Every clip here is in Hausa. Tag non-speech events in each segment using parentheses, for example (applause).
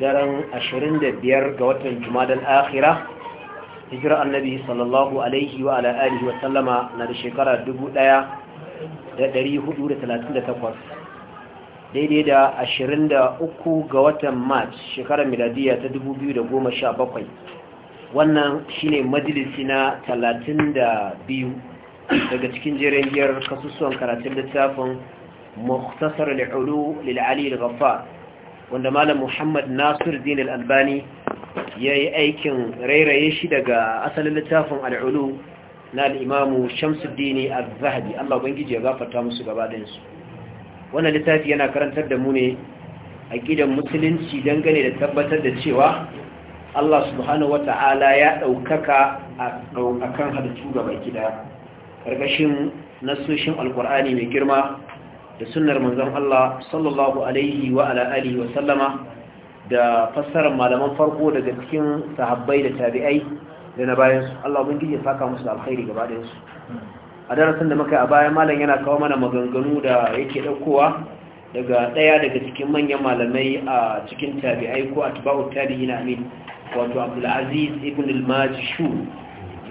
daren 25 ga watan jumadan akhira hijira annabi sallallahu alaihi wa ala alihi wa sallama na da shekara 1438 daidai da 23 ga watan march shekara miladiya ta 2017 wannan shine majalisi na 32 daga cikin jerin giyar kasusuwan karatun littafin مختصر العلو للعلي الغفار wanda malam muhammad nasir din al-albani ya yi aikin rairaye shi daga asalin littafin al'ulu na al'imamu shamsuddini al-zahabi allah ubangiji ya gafarta musu gaba ɗinsu wannan littafi yana karantar da mu ne a gidan musulunci dangane da tabbatar da cewa allah subhanahu wata'ala ya ɗaukaka a kan halittu gaba gida ƙarƙashin nasoshin alƙur'ani mai girma da sunnar manzon Allah sallallahu alaihi wa ala wa sallama da fassarar malaman farko daga cikin sahabbai da tabi'ai da na bayansu, Allah mun gije saka musu alkhairi gaba da a darasin da muka a baya malam yana kawo mana maganganu da yake ɗaukowa daga ɗaya daga cikin manyan malamai a cikin tabi'ai ko atba'u tabi'in amin wato Abdul Aziz ibn al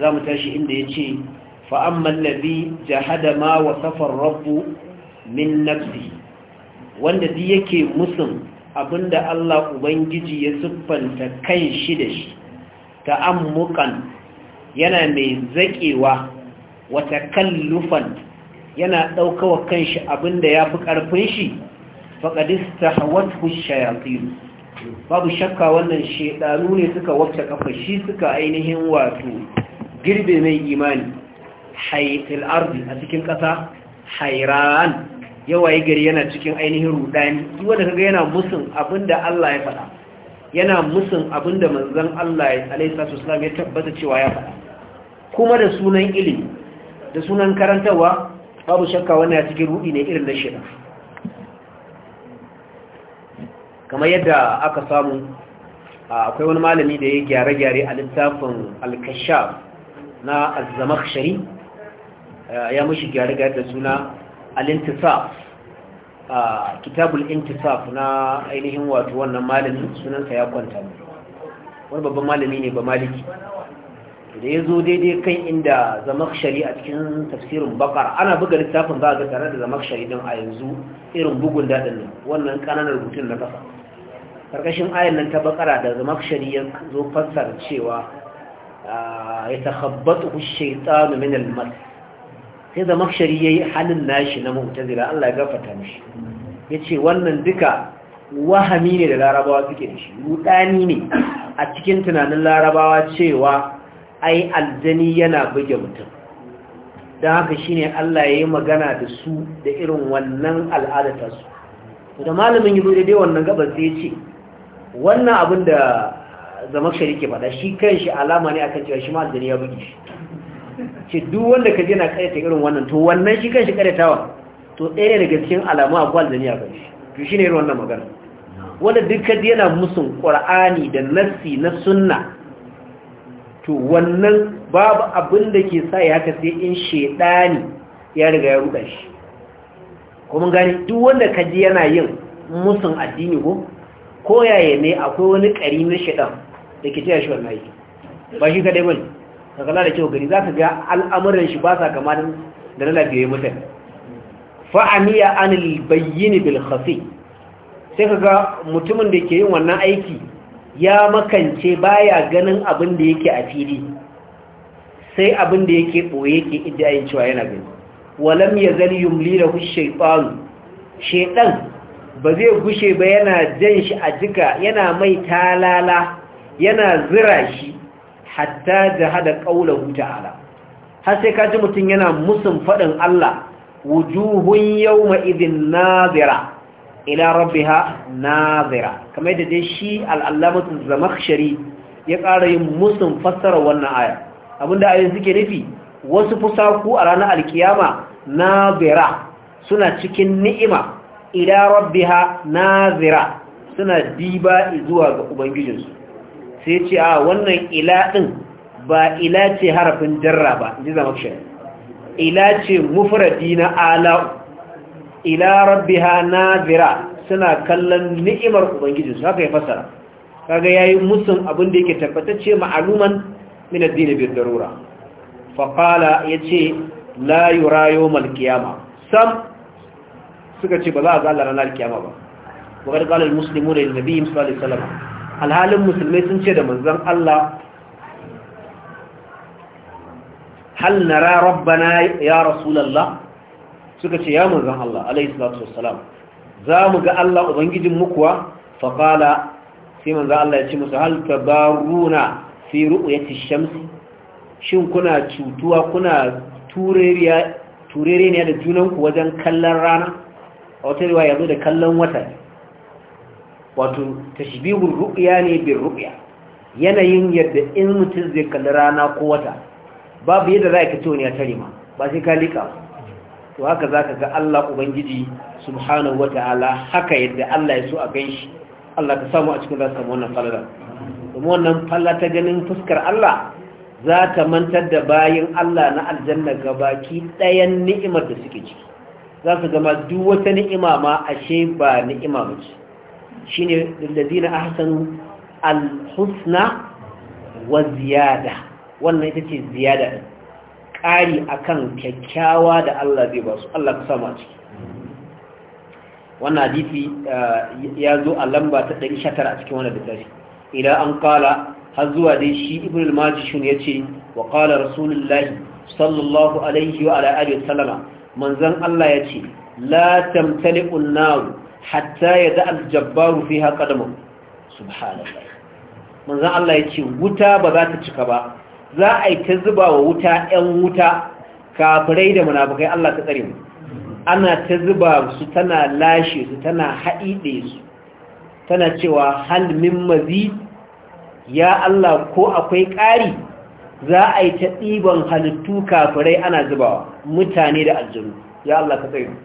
zamu tashi inda yace fa amma allazi jahada ma wasafa min nafsi wanda duk yake musun abinda Allah ubangiji ya siffanta kan shi da shi ta ta'ammukan yana mai zaƙewa wata kallufan yana ɗaukawa kanshi abinda ya fi ƙarfin shi faƙadista hawatu shayatin babu shakka wannan shaidanu ne suka wacce kafa shi suka ainihin wato girbe mai imani haifil arzi a cikin ƙasa hairan yawaye gari yana cikin ainihin rudani duk wanda kaga yana musun abinda Allah ya faɗa yana musun abinda manzon Allah ya alaihi wasallam ya tabbata cewa ya faɗa kuma da sunan ilimi da sunan karantawa babu shakka wannan ya cikin rudi ne irin na shida kamar yadda aka samu akwai wani malami da ya gyare-gyare a littafin al na az-zamakhshari ya mushi gyare-gyare da suna al a kitabul intisaf na ainihin wato wannan malami sunansa ya kwanta wani babban malami ne ba maliki da ya zo daidai kan inda zamakshari a cikin tafsirin bakar ana buga littafin za a ga tare da zamakshari don a yanzu irin bugun daɗin nan wannan ƙananan rubutun na ƙasa ƙarƙashin ayan nan ta bakara da zamakshari ya zo fassar cewa ya takhabbatu shaytanu min al-mas sai da makshari ya yi halin nashi na mutazila Allah ya gafata mashi ya ce wannan duka wahami ne da larabawa suke da shi rudani ne a cikin tunanin larabawa cewa ai aljani yana buge mutum don haka shi ne Allah ya yi magana da su da irin wannan al'adatarsu da malamin yi daidai wannan gabar sai ce wannan abin da Zama shari ke faɗa shi kan shi alama ne akan cewa shi ma aljani ya buge shi ce duk wanda ka je na karyata irin wannan to wannan shi kan shi karyatawa to ɗaya ne daga cikin alamu a kwal da ni a kan shi to shi ne irin wannan magana wanda duk ka yana musun ƙwar'ani da nassi na sunna to wannan babu abin da ke sa ya haka sai in shaidani ya riga ya ruɗa shi kuma gani duk wanda ka ji yana yin musun addini ko ko yaya ne akwai wani ƙari na shaidan da ke taya shi wannan yi ba shi kaɗai bane ka da kyau gari za ka ga al'amuran shi ba sa kama da na lafiyayyen mutane ya anil bayyini bil khafi sai ka ga mutumin da ke yin wannan aiki ya makance baya ganin abin da yake a fili sai abin da yake ɓoye ke yin cewa yana gani walam ya zali yumli da hushe ɓalu shaiɗan ba zai gushe ba yana jan shi a jika yana mai talala yana zira shi hatta jahada qawluhu ta'ala har sai kaji mutun yana musun fadin Allah wujuhun yawma idhin nazira ila rabbiha nazira kamar da dai shi al-allamatu zamakhshari ya ƙara yin musun fassara wannan aya abinda ayoyin suke nufi wasu fusaku a ranar alkiyama nazira suna cikin ni'ima ila rabbiha nazira suna diba zuwa ga ubangijinsu sai ce a wannan ila ɗin ba ila ce harafin jarra ba ji zama shi ila ce mufradi na ala ila rabbiha nazira suna kallon ni'imar ubangiji su haka ya fasara kaga yayi musun abin da yake tabbatacce ma'aluman min addini bil darura fa qala yace la yura yawmal qiyama sam suka ce ba za a ga ranar kiyama ba wa qala Musulmi muslimuna da nabiy sallallahu alaihi wasallam alhalin musulmai sun ce da manzon Allah hal nara rabbana ya rasulullah suka ce ya manzon Allah alayhi salatu wassalam za mu ga Allah ubangijin mu kuwa fa qala sai manzon Allah ya ce musu hal tabaruna fi ru'yati shamsi shin kuna cutuwa kuna tureriya turere da junanku wajen kallon rana a wata riwaya yazo da kallon wata wato tashbihul ruya ne bil ru'ya yanayin yadda in mutum zai kalli rana ko wata babu yadda za ka tone ya tare ma ba sai ka lika to haka zaka ga Allah ubangiji subhanahu wataala haka yadda Allah ya so a ganshi Allah ka samu a cikin zaka wannan falala kuma wannan falala ta ganin fuskar Allah za ta mantar da bayin Allah na aljanna gabaki ɗayan ni'imar da suke ciki za su gama duk wata ni'ima ma ashe ba ni'ima ba shine lillazina ahsanu al-husna wa ziyada wannan ita ce ziyada din ƙari akan kyakkyawa da Allah zai ba su Allah ka sama ciki wannan hadisi eh, ya zo a lamba ta 119 a cikin wannan littafi idan an kala har zuwa dai shi ibn al-majishun yace wa qala rasulullahi sallallahu alaihi wa ala alihi wasallama manzon Allah yace la tamtali'un nar hatta ya da aljabbaru fi haka da subhanallah Allah ya ce wuta ba za ta cika ba za a yi ta zuba wa wuta 'yan wuta kafirai da munafukai Allah ta tsare mu ana ta zuba su tana lashe su tana haɗiɗe su tana cewa hal min mazid ya Allah ko akwai ƙari za a yi ta ɗiban halittu kafirai ana zubawa mutane da aljanu ya Allah ka tsare mu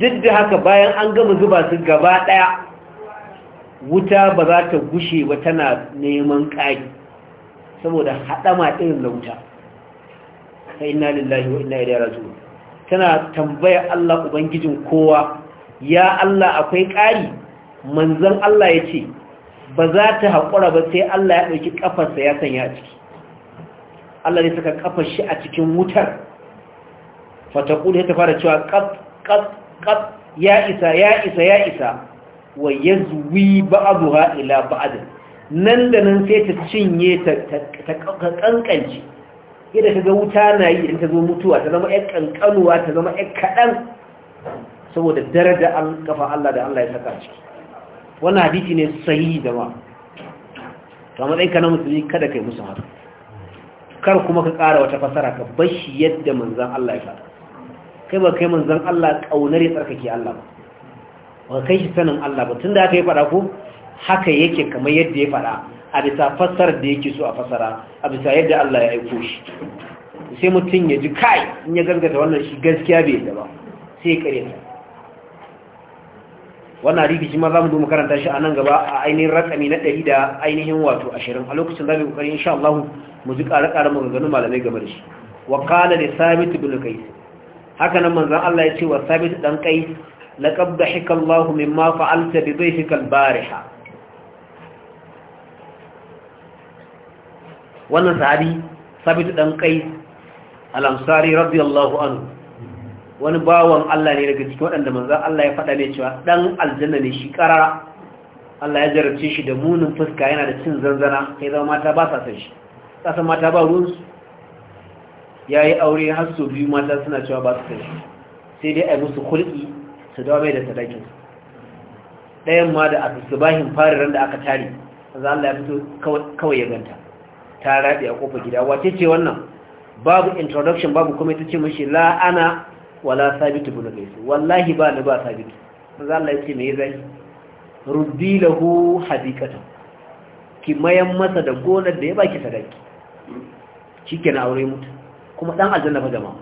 duk da haka bayan an gama zuba su gaba ɗaya wuta ba za ta gushe ba tana neman ƙari saboda haɗama irin na wuta ta ina lillahi wa ina ilaihi raji'un tana tambaya Allah ubangijin kowa ya Allah akwai ƙari manzon Allah ya ce ba za ta haƙura ba sai Allah ya ɗauki ƙafarsa ya sanya a ciki Allah ne suka ƙafar shi a cikin wutar fatakul ya ta fara cewa ƙaf qad ya isa ya isa ya isa wa yazwi ba'daha ila ba'd nan da nan sai ta cinye ta ta kankanci ta ga wuta na yi idan ta zo mutuwa ta zama ƴan kankanuwa ta zama ƴan kadan saboda daraja an kafa Allah da Allah ya saka ciki wannan hadisi ne sahihi jama'a kamar ɗinka na musulmi kada kai musu haka kar kuma ka ƙara wata fasara ka bashi yadda manzan Allah ya saka. kai ba kai manzon Allah kaunar ya tsarkake Allah ba ba kai shi sanin Allah ba tunda aka yi fada ko haka yake kamar yadda ya fada a bisa fassar da yake so a fassara a bisa yadda Allah ya aiko shi sai mutum ya ji kai in ya gargata wannan shi gaskiya bai yadda ba sai ya kare ta wannan hadisi shi ma za mu duba karanta shi a nan gaba a ainihin ratsami na ɗari da ainihin wato ashirin a lokacin za mu kokari insha Allah mu ji ƙara ƙara maganganun malamai game da shi wa qala li sabit ibn qais haka nan manzon Allah ya ce wa sabit dan kai laqad dahika Allahu mimma fa'alta bi dhayfika al-bariha wannan sahabi sabit dan kai al-ansari radiyallahu anhu wani bawan Allah ne daga cikin waɗanda manzon Allah ya faɗa ne cewa dan aljanna ne shi karara Allah ya jarabce shi da munin fuska yana da cin zanzana sai zama mata ba sa san shi kasan mata ba ruwansu ya yi aure har su biyu mata suna cewa ba su kai sai dai a musu kulki su dawa mai da sadakin ɗayan ma da a bahin fariran da aka tare za Allah ya fito kawai ya ganta ta raɗi a ƙofar gida wace ce wannan babu introduction babu kuma ta ce mashi la ana wala sabitu bin qais wallahi ba ni ba sabitu za Allah ya ce me zai ruddi lahu hadiqatan ki mayan masa da gonar da ya baki sadaki shikenan aure mutu kuma dan aljanna fa jama'a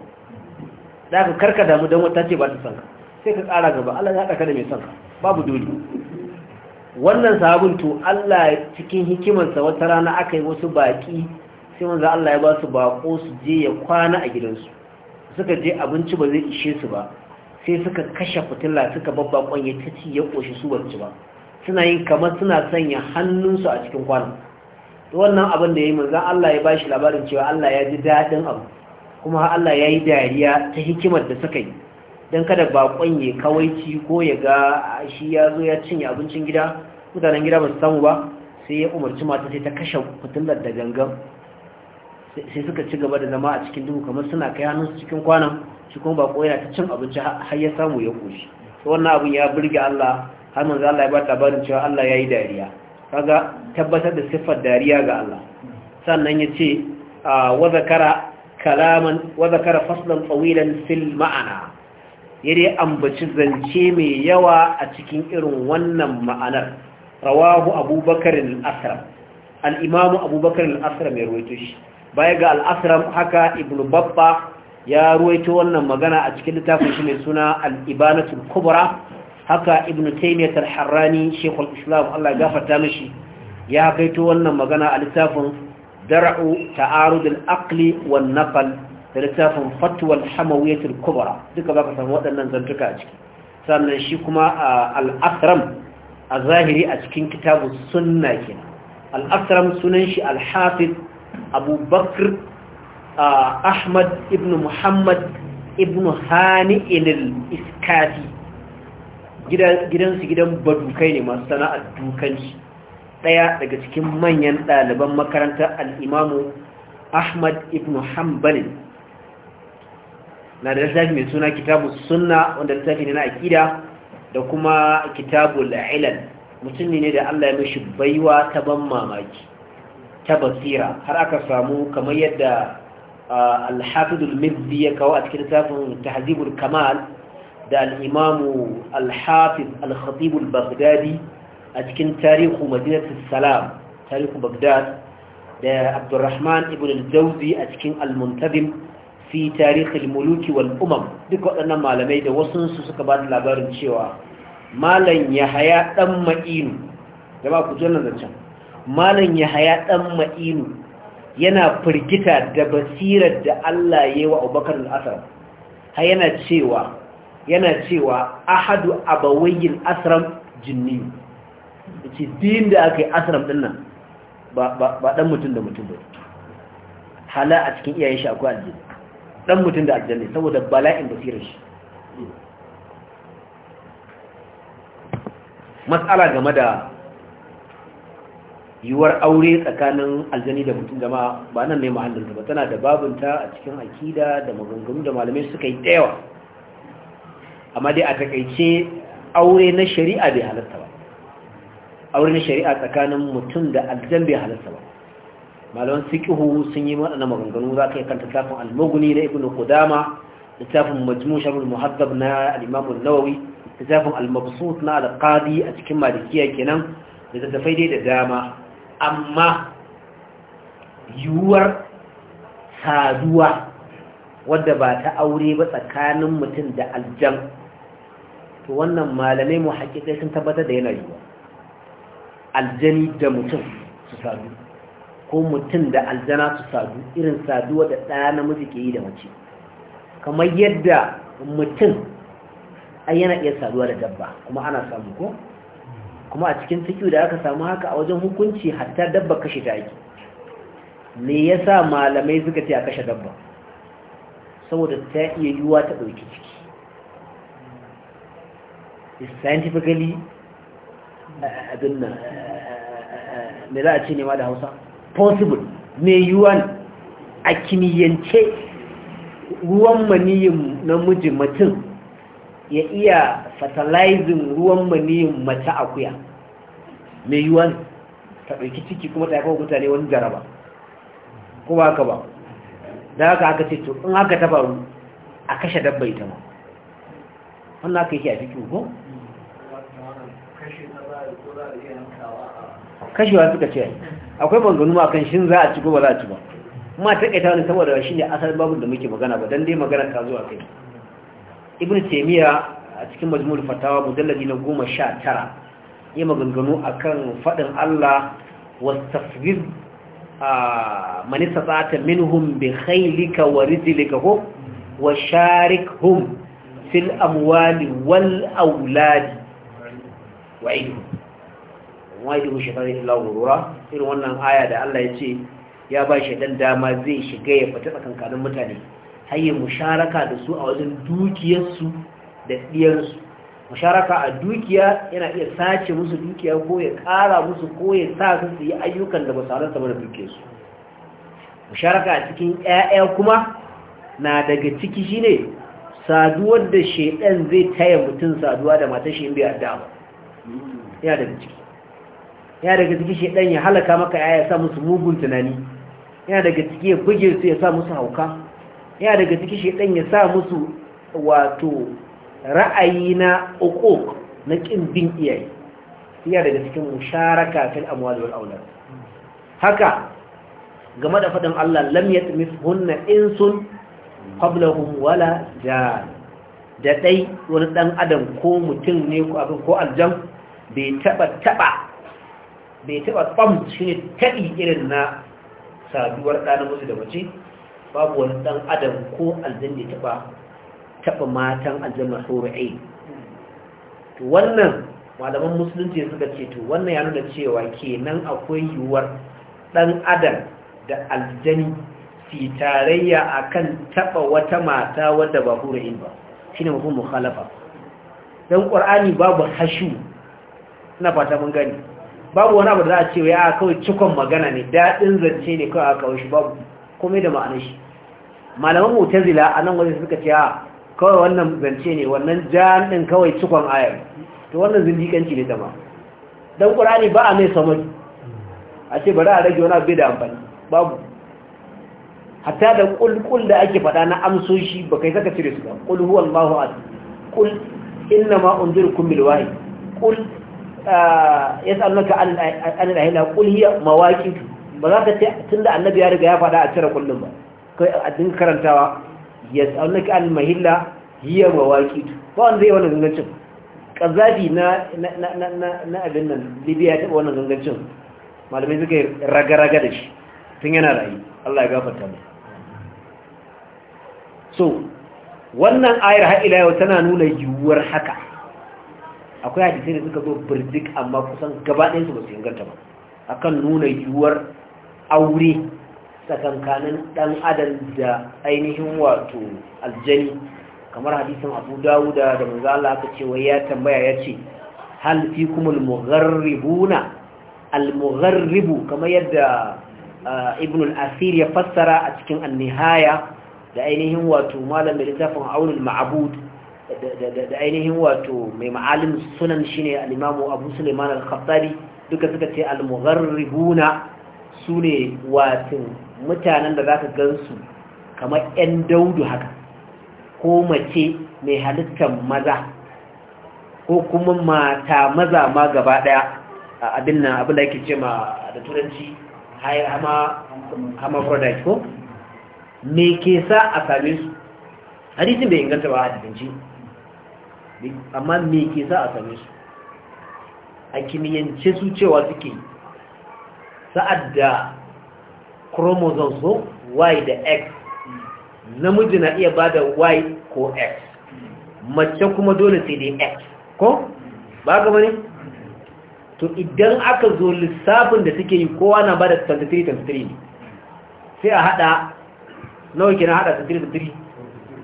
da ka karka damu dan wata ce ba ta sanka sai ka ƙara gaba Allah ya haɗa ka da mai sanka babu dole wannan sahabin to Allah cikin hikimarsa wata rana aka yi wasu baki sai manzo Allah ya ba su baƙo su je ya kwana a gidansu suka je abinci ba zai ishe su ba sai suka kashe fitila suka babba kwanye ta ci ya koshi su barci ba suna yin kamar suna sanya hannunsu a cikin kwanan wannan abin da ya yi manzan Allah ya ba labarin cewa Allah ya ji daɗin abu kuma Allah ya yi dariya ta hikimar da suka yi don kada bakon ya kawaici ko ya ga shi ya zo ya cinye abincin gida mutanen gida ba samu ba sai ya umarci mata sai ta kashe fitilar da gangan sai suka ci gaba da zama a cikin duhu kamar suna kai su cikin kwanan shi kuma bako yana ta cin abinci har ya samu ya koshi wannan abin ya burge Allah har manzo Allah ya ba barin cewa Allah ya yi dariya kaga tabbatar da siffar dariya ga Allah sannan ya ce ah, wa zakara kalaman wa zakara faslan tsawilan fil ma'ana ya dai ambaci zance mai yawa a cikin irin wannan ma'anar rawahu abubakar al-asram al-imamu abubakar al-asram ya ruwaito shi baya ga al-asram haka ibnu babba ya ruwaito wannan magana a cikin littafin shi mai suna al-ibanatul kubra haka ibnu taymiyyah al-harrani shaykhul islam Allah ya gafarta mishi ya kaito wannan magana a littafin dar'u ta'arud al-aqli wan naql da littafin fatwa al-hamawiyyah al-kubra duka baka samu waɗannan zantuka a ciki sannan shi kuma al-asram a zahiri a cikin kitabu sunna kenan al-asram sunan shi al-hafiz abubakar ahmad ibn muhammad ibn hani al-iskafi gidansu gidan badukai ne masu sana'ar dukanci ɗaya daga cikin manyan ɗaliban makarantar al'imamu ahmad ibn hanbalin na da littafi mai suna kitabu sunna wanda littafi ne na akida da kuma kitabu la'ilal mutum ne da allah ya mashi baiwa ta ban mamaki ta basira har aka samu kamar yadda alhafidul mizzi ya kawo a cikin littafin tahzibul kamal da al'imamu alhafiz alhatibul bagdadi a cikin tarihu madinatu salam tarihu bagdad da abdurrahman ibn al-jawzi a cikin al-muntazim fi tarihi al-muluki wal umam duk waɗannan malamai da wasu su suka ba da labarin cewa malam yahaya dan ma'inu ku malam yahaya dan ma'inu yana firgita da basirar da Allah ya yi wa Abubakar al-Asram har yana cewa yana cewa ahadu abawayil asram jinni ce din da aka yi asram din nan ba ɗan mutum da mutum ba hala a cikin iyayen shi akwai aljanna Ɗan mutum da ne saboda bala'in basirar shi matsala game da yiwuwar aure tsakanin aljani da mutum jama'a ba nan ne mahallinta ba tana da babinta a cikin akida da magungun da malamai suka yi ɗaya wa. amma dai a takaice aure na shari'a bai halatta ba Aure na shari'a tsakanin mutum da aljambe bai halarsa ba malaman fiqhu sun yi waɗannan maganganu za ka yi kanta tafin al na ibnu Ƙudama, littafin majmu' sharh muhaddab na al-imam an-nawawi al-mabsut na al-qadi a cikin malikiya kenan da tattafai dai da dama amma yiwuwar saduwa wadda ba ta aure ba tsakanin mutum da aljan to wannan malamai mu haƙiƙai sun tabbatar da yana yiwuwa aljani da mutum su sadu ko mutum da aljana su sadu irin saduwa da ɗaya namiji ke yi da mace kamar yadda mutum ai yana iya saduwa da dabba kuma ana samu ko kuma a cikin fikiyu da aka samu haka a wajen hukunci hatta dabba kashe ta ake me yasa malamai suka ce a kashe dabba saboda ta iya yiwuwa ta ɗauki ciki scientifically abin nan me za a ce ne ma da hausa possible Me yiwuwan a kimiyyance ruwan maniyin namiji mutum ya iya fertilizing ruwan maniyin mace akuya mai yiwuwan ta ɗauki ciki kuma ta kawo mutane wani jaraba ko ba haka ba da haka aka ce to in haka ta faru a kashe dabba ita ma wannan aka yi a cikin ko kashewa suka ce akwai banganu ma kan shin za a ci ko ba za a ci ba ma takaita wani saboda shi ne asalin babu da muke magana ba dan dai magana ta zuwa kai ibn taymiya a cikin majmul fatawa mujalladi na goma sha 19 ya maganganu akan faɗin Allah wastafghiz man istata minhum bi khaylika wa rijlika ko wa sharikhum fil amwali wal wa wa'idhum wa yadu shaytan illa ghurura irin wannan aya da Allah ya ce ya ba dan dama zai shiga ya fita tsakankanin mutane har musharaka da su a wajen dukiyarsu da diyarsu musharaka a dukiya yana iya sace musu dukiya ko ya kara musu ko ya sa su yi ayyukan da ba su halarta ba da dukiyarsu musharaka a cikin ƴaƴa kuma na daga ciki shine saduwar da shaidan zai taya mutum saduwa da matashi in bai addu'a. yana daga ciki ya daga ciki shedan ya halaka maka ya sa musu mugun tunani ya daga ciki ya buge su ya sa musu hauka ya daga ciki shedan ya sa musu wato ra'ayi na uquq na kin bin iyaye ya daga cikin musharaka fil amwal wal aulad haka game da fadin Allah lam hunna insun qablahum wala jan da dai wani dan adam ko mutum ne ko abin ko aljan bai taba taba bai taba tsam shi ne taɗi irin na saduwar ɗanar musu da mace babu wani ɗan adam ko aljan da taɓa, taba matan aljan saurayi to wannan malaman musulunci suka ce to wannan ya nuna cewa kenan akwai yiwuwar ɗan adam da aljani fi tarayya akan taɓa wata mata wadda ba hurayin ba shi ne mafi mukhalafa Don ƙwar'ani babu hashu ina fata mun gani babu wani abu da za a ce a ah, kawai cikon magana ne daɗin zance ne kawai a kawai shi babu kome da ma'anar shi malaman mutazila a nan wajen suka ce a ah, kawai wannan zance ne wannan jan kawai cikon ayar to wannan zindiƙanci ne zama don ƙurani ba a mai samari a ce bari a rage wani abu da amfani babu hatta da ƙulƙul da ake faɗa na amsoshi ba kai saka cire su ba ƙul huwan mahu a ƙul inna ma unzir kun ƙul ya annaka an lahila kulhiya mawaki ba za ka tun da annabi ya riga ya faɗa a cire kullum ba kai a din karantawa ya annaka an mahilla hiya mawaki ba wanda zai wani gangancin ƙazafi na abin nan libya ya taɓa wani gangancin malamai suka yi raga-raga da shi tun yana rayu allah ya gafarta mai so wannan ayar har ila yau tana nuna yiwuwar haka akwai hadisai da suka zo birdik amma kusan gaba ɗaya ba su inganta ba akan nuna yiwuwar aure tsakankanin ɗan adam da ainihin wato aljani kamar hadisin abu dawuda da manzo aka ce wai ya tambaya ya ce hal fi kumul mugharribuna kamar yadda eh, ibn al asir ya fassara a cikin an da ainihin wato malamin littafin aulul ma'bud da ainihin wato mai ma'alin sunan shine al-imamu abu suleiman al khattari duka suka ce al-mugharribuna su ne wato mutanen da za ka gansu kamar 'yan daudu haka ko mace mai halittar maza ko kuma mata maza ma gaba daya abin na abin da yake ce ma da turanci hama hermaphrodite ko me ke sa a same su hadisin bai inganta ba a cikin amma me ke sa a same su a kimiyyance su cewa suke sa'ad da chromosome ko y da x namiji na iya ba da y ko x mace kuma dole sai dai x ko ba gaba ne to idan aka zo lissafin da suke yi kowa na ba da 23-23 ne sai a hada nawa ke na hada 23-23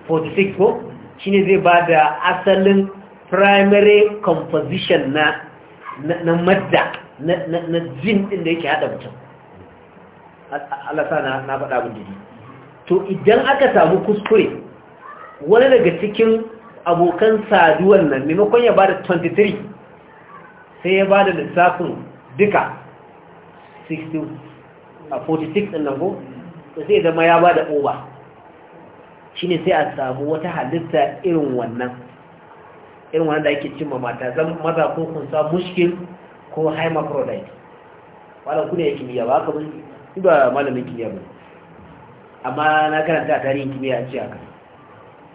46 ko shi ne zai ba da asalin primary composition na na madda na jin din da yake hada mutum Allah sa na faɗa abin da to idan aka samu kuskure wani daga cikin abokan saduwan nan maimakon ya ba da 23 sai ya ba da lissafin duka 60 a 46 ɗin nan ko sai zama ya ba da over Shi ne sai a samu wata halitta irin wannan irin wannan da ake cimma mata zan maza ko kun sa mushkil ko hermaphrodite wannan kuna ya kimiyya ba haka mun ba malamin kimiyya ba amma na karanta a tarihin kimiyya a ce haka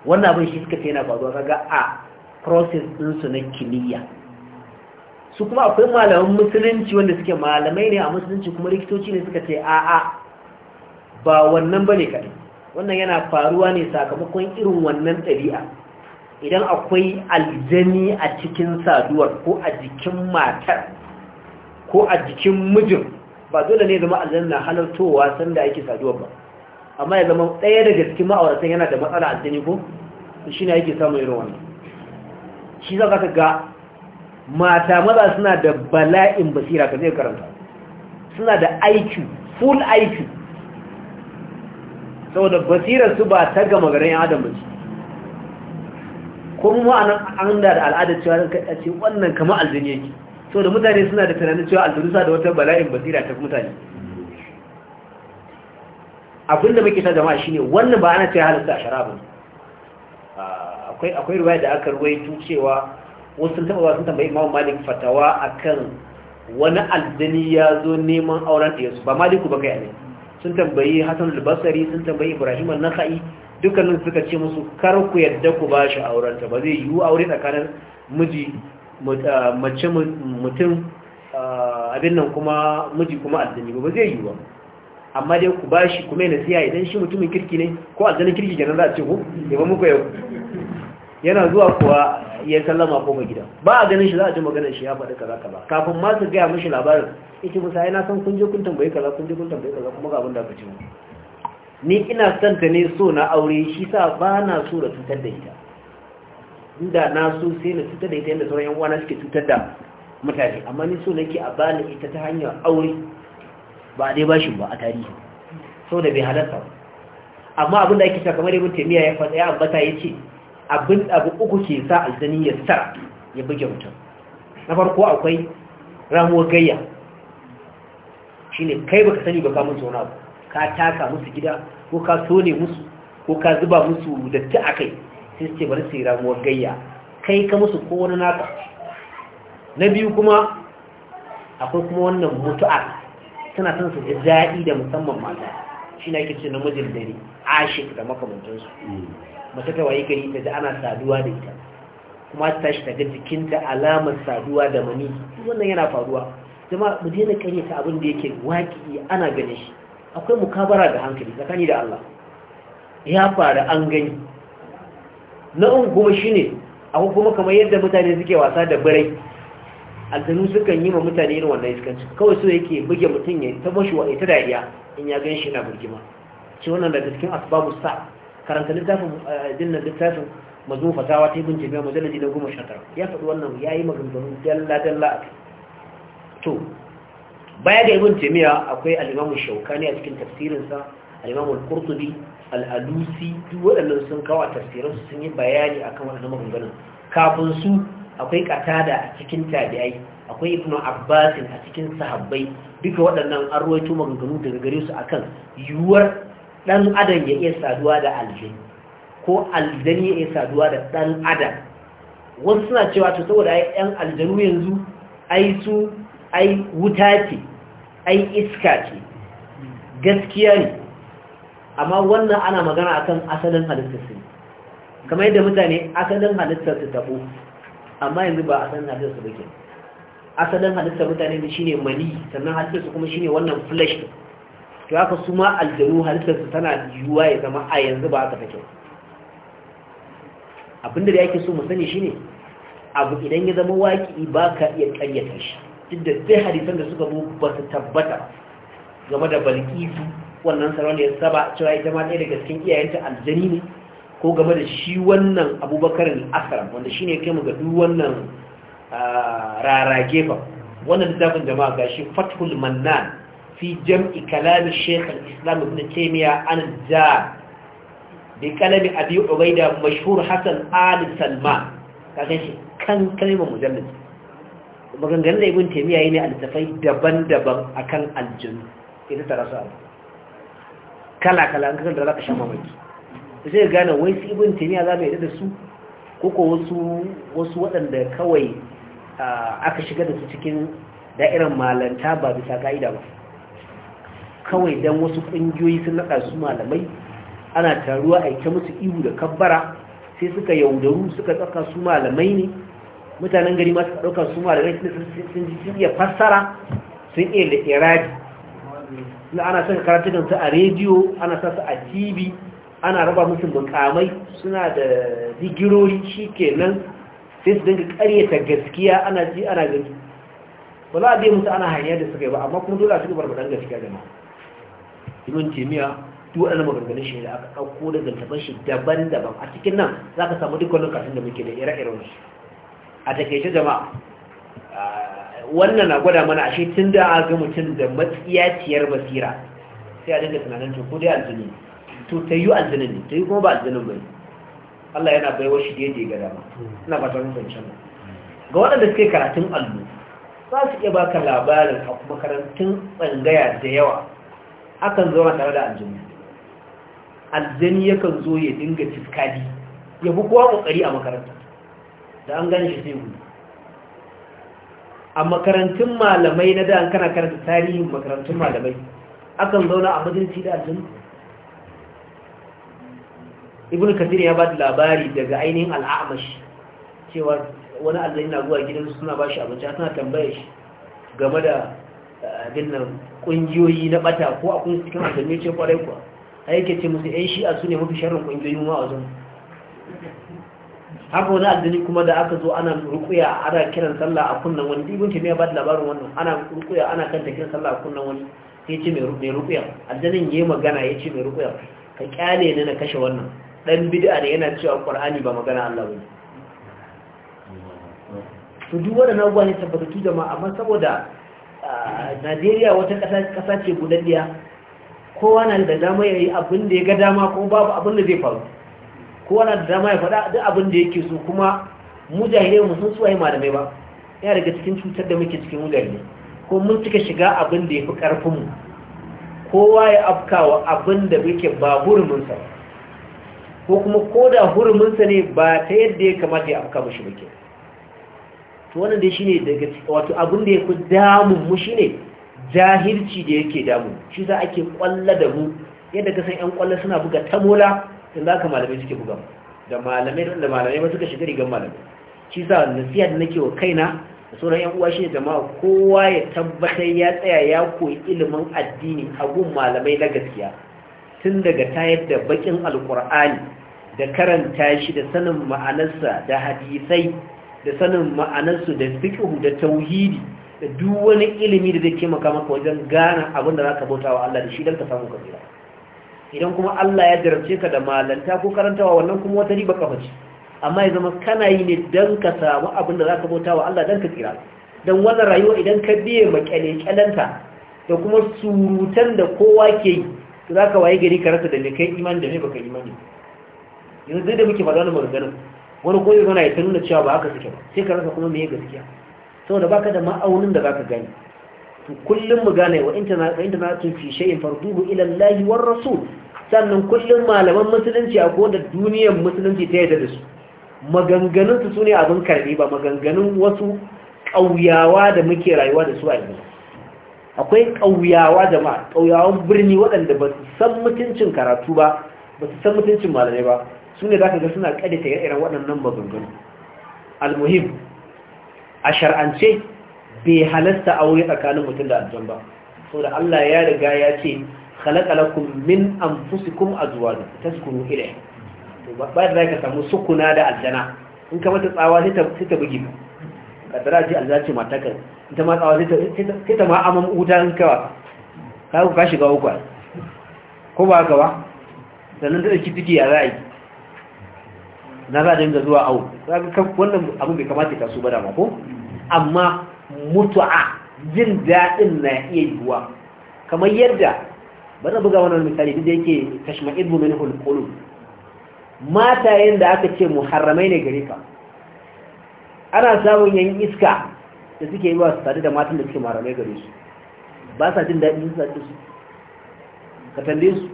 wannan abin shi suka ce yana faruwa kaga a process ɗinsu na kimiyya su kuma akwai malaman musulunci wanda suke malamai ne a musulunci kuma likitoci ne suka ce a'a ba wannan ba ne kaɗai wannan yana faruwa ne sakamakon irin wannan ɗabi'a idan akwai aljani a cikin saduwar ko a jikin matar ko a jikin mijin ba dole ne zama aljani na halartowa sanda ake saduwar ba amma ya zama ɗaya daga cikin ma'auratan yana da matsala aljani ko shi ne ake samun irin wannan shi za ka ga mata maza suna da bala'in basira ka zai karanta suna da aiki, full aiki. saboda basirar su ba ta gama garin adam ba ce kuma ma'anar an da al'adar cewa kaɗa ce wannan kama aljini yake saboda mutane suna da tunanin cewa aljunusa da wata bala'in basira ta mutane abinda muke ta jama'a shine wannan ba ana cewa halitta a sharabin ne. akwai ruwa da aka tun cewa wasu sun taba sun tambayi Imam Malik fatawa akan wani aljini ya zo neman auren da yasu ba Maliku ba kai ne sun tambayi Hassan al-Basri sun tambayi Ibrahim al nakhai dukkanin suka ce musu kar ku yadda ku ba shi auren ta ba zai yi aure tsakanin miji mace mutum abin nan kuma miji kuma azumi ba zai yi ba amma dai ku bashi kuma yana siya idan shi mutumin kirki ne ko aljanin kirki kenan za a ce ku ya ba muku yau yana zuwa kuwa ya sallama ko gida ba a ganin shi za a ji maganar shi ya faɗi kaza kaza kafin ma su gaya mishi labarin ita musa yana san kun je kun tambayi kaza kun je kun tambayi kaza kuma ga abin da aka ce ni ina son ta ne so na aure shi sa ba na so da cutar da ita inda na so sai na cutar da ita yadda sauran yan uwana suke cutar da mutane amma ni so nake a bani ita ta hanyar aure ba dai bashin ba a tarihi saboda bai halarta amma abin da ake sa kamar ibn taymiya ya faɗa ya ambata ce abin abu uku ke sa aljani ya sa ya buge mutum na farko akwai ramuwar gayya shi ne kai baka sani baka musu wani abu ka taka musu gida ko ka tone musu ko ka zuba musu datti a kai sai su ce bari su yi ramuwar gayya kai ka musu ko wani naka na biyu kuma akwai kuma wannan mutu'a Tana son su ji daɗi da musamman mata shi na ake ce namijin dare ashik da makamantansu hmm. Mata ta waye gari ta ji ana saduwa da ita kuma ta tashi daga jikinta alamar saduwa da mani wannan yana faruwa Zama mu daina karyata abin da yake waki ana ganin shi akwai mukabara da hankali tsakani da Allah ya fara an gani na un kuma shine akwai kuma kamar yadda mutane suke wasa da barai aljanu sukan yi ma mutane irin wannan iskanci kawai so yake buge mutum ya ta wa ita dariya in ya gan shi na burgima ce wannan daga cikin asbabu sa karanta littafin dinnan eh, littafin mazmun fatawa ta ibn jami'a mujalladi na goma sha ya faɗi wannan ya yi maganganu dalla dalla a kai to baya ga ibn jami'a akwai al-imamu shaukani a cikin tafsirinsa al-imamu al duk waɗannan sun kawo a su sun yi bayani a akan waɗannan maganganun kafin su akwai katada a cikin tabi'ai akwai ibnu abbasin a cikin sahabbai duka waɗannan an ruwaito maganganu daga gare su akan yiwuwar ɗan adam ya iya saduwa da aljin ko aljani ya iya saduwa da ɗan adam wasu suna cewa to saboda ai ɗan aljanu yanzu ai su ai wuta ce ai iska ce gaskiya ne amma wannan ana magana akan asalin halittar su kamar yadda mutane asalin halittar su tabo amma yanzu ba asalin halittar su bake asalin halittar mutane shine mani sannan halittar su kuma shine wannan flesh to haka su ma aljanu halittarsu tana yiwuwa ya zama a yanzu ba haka take abinda da yake so mu sani shine abu idan ya zama waki ba ka iya ƙaryata shi duk da sai hadisan da suka zo ba su tabbata game da balkisu wannan salon ya saba cewa ita ma ɗaya daga cikin iyayenta aljani ne ko game da shi wannan abubakarin asaram wanda shi ne kai mu ga duk wannan ah, rarage ba wannan littafin jama'a ga shi fathul mannan في جمع كلام الشيخ الإسلام ابن تيمية عن الزار بكلام أبي عبيدة مشهور حسن آل سلمان كان كلمة مجلد maganganun da ibn taymiya yana altafai daban-daban akan aljin ita tara su kala kala an kasar da zaka sha mamaki sai gane wai su ibn taymiya za mu yadda da su ko ko wasu waɗanda kawai aka shiga da su cikin da'irar malanta ba bisa ka'ida ba kawai dan wasu ƙungiyoyi sun naɗa su malamai ana taruwa a yake musu ihu da kabbara sai suka yaudaru suka tsaka su malamai ne mutanen gari masu ɗauka su malamai sun ji sun iya fassara sun iya da iradi ana saka su a rediyo ana sasa a tv ana raba musu mukamai suna da digirori shi nan, sai su dinga karyata gaskiya ana ji ana gaji. ba za a biya musu ana hanyar da suka yi ba amma kuma dole a cikin barbaɗan gaskiya da ma ibn taymiya duk wannan maganganun shi da aka dauko da zantaban shi daban-daban a cikin nan zaka samu dukkanin kasin da muke da ire-iren su a takeice jama'a wannan na gwada mana shi tun da a ga mutum da matsiyaciyar basira sai a dinga tunanin to ko dai aljini to ta yi aljinin ne ta yi kuma ba aljinin ba Allah yana baiwa shi da yadda ga dama ina fata mun fahimci nan ga waɗanda suke karatun allo za su iya baka labarin a makarantun tsangaya da yawa akan zauna tare da aljanu aljani yakan zo ya dinga fiskali ya fi kowa kokari a makaranta da an gane shi sai gudu a makarantun malamai na da an kana karanta tarihin makarantun malamai akan zauna a majalisi da aljanu ibn kathir ya ba da labari daga ainihin al'amash cewa wani aljani na zuwa gidansu suna ba shi abinci suna tambaye shi game da abin kungiyoyi na bata ko a kun cikin azumi ce kwarai kuwa a yake ce musu yan shi'a su ne mafi sharrin a wa'azin haka wani azumi kuma da aka zo ana rukuya ana kiran sallah a kunnan wani ibn taymiya ba da labarin wannan ana rukuya ana kanta kiran sallah a kunnan wani sai ce mai rukuya aljanin yayi magana ya ce mai rukuya ka kyale ne na kashe wannan dan bid'a ne yana cewa qur'ani ba magana Allah bane to duk wannan abubuwa ne da jama'a amma saboda najeriya wata ƙasa ce budaddiya kowa na da dama ya yi abin da ya ga dama ko babu abin da zai faru kowa na da dama ya faɗa duk abin da yake so kuma mu jahilai mu sun suwaye malamai ba yana daga cikin cutar da muke cikin mujahide ko mun cika shiga abin da ya fi ƙarfinmu kowa ya afkawa abin da muke ba huruminsa ko kuma ko da huruminsa ne ba ta yadda ya kamata ya afka mashi muke to wannan dai shine daga wato abun da yake damun mu shine jahilci da yake damu shi za ake kwalla da mu yadda ka san yan kwalla suna buga tamola in za ka malamai suke buga da malamai da malamai ba suka shiga rigar malamai shi sa nasiya da nake wa kaina da sauran yan uwa shine jama'a kowa ya tabbatar ya tsaya ya koyi ilimin addini a gun malamai na gaskiya tun daga tayar da bakin alkur'ani da karanta shi da sanin ma'anarsa da hadisai da sanin ma'anarsu da fiqhu da tauhidi da duk wani ilimi da zai taimaka maka wajen gane abin da ka bauta wa Allah da shi don ka samu kabira idan kuma Allah ya jarabce ka da malanta ko karantawa wannan kuma wata riba kafa ce amma ya zama kana yi ne don ka samu abin da ka bauta wa Allah dan ka tsira Don wannan rayuwa idan ka biye makale kalanta da kuma surutan da kowa ke yi to ka waye gari ka rasa da kai imani da me baka imani yanzu da muke wani maganganun wani ko yana ya nuna cewa ba haka suke ba sai ka rasa kuma me gaskiya saboda baka da ma'aunin da zaka gani to kullum mu gane wa inta inda na tun fi shay'in farduhu ila Allah war rasul sannan kullum malaman musulunci a da duniyar musulunci ta yadda da su maganganun su sune abin karbi ba maganganun wasu ƙauyawa da muke rayuwa da su a yanzu akwai ƙauyawa jama'a ƙauyawan birni waɗanda ba su san mutuncin karatu ba ba su san mutuncin malamai ba su ne za ka ga suna ƙadita ire-iren waɗannan maganganu almuhim a shar'ance bai halasta aure tsakanin mutum da aljan ba So da Allah ya riga ya ce khalaqa lakum min anfusikum azwajan taskunu ilayhi to ba da za ka samu sukuna da aljana in ka mata tsawa sai ta sai ta bugi kadara ji ce mata kan ita ma tsawa sai ta ma amam uta in kawa ka ku ka shiga hukwa ko ba ka ba sannan da ɗauki ciki ya za'a yi na za da dinga zuwa awo wannan abin bai kamata ka su bada mako? ko amma mutu'a jin daɗin na iya yiwuwa kamar yadda ba na buga wannan misali duk da yake tashma'id mu min hulqulub Mata da aka ce muharramai ne gare ka ana samun yan iska da suke yi wa su tare da matan da suke muharramai gare su ba sa jin daɗi su sa ka tambaye su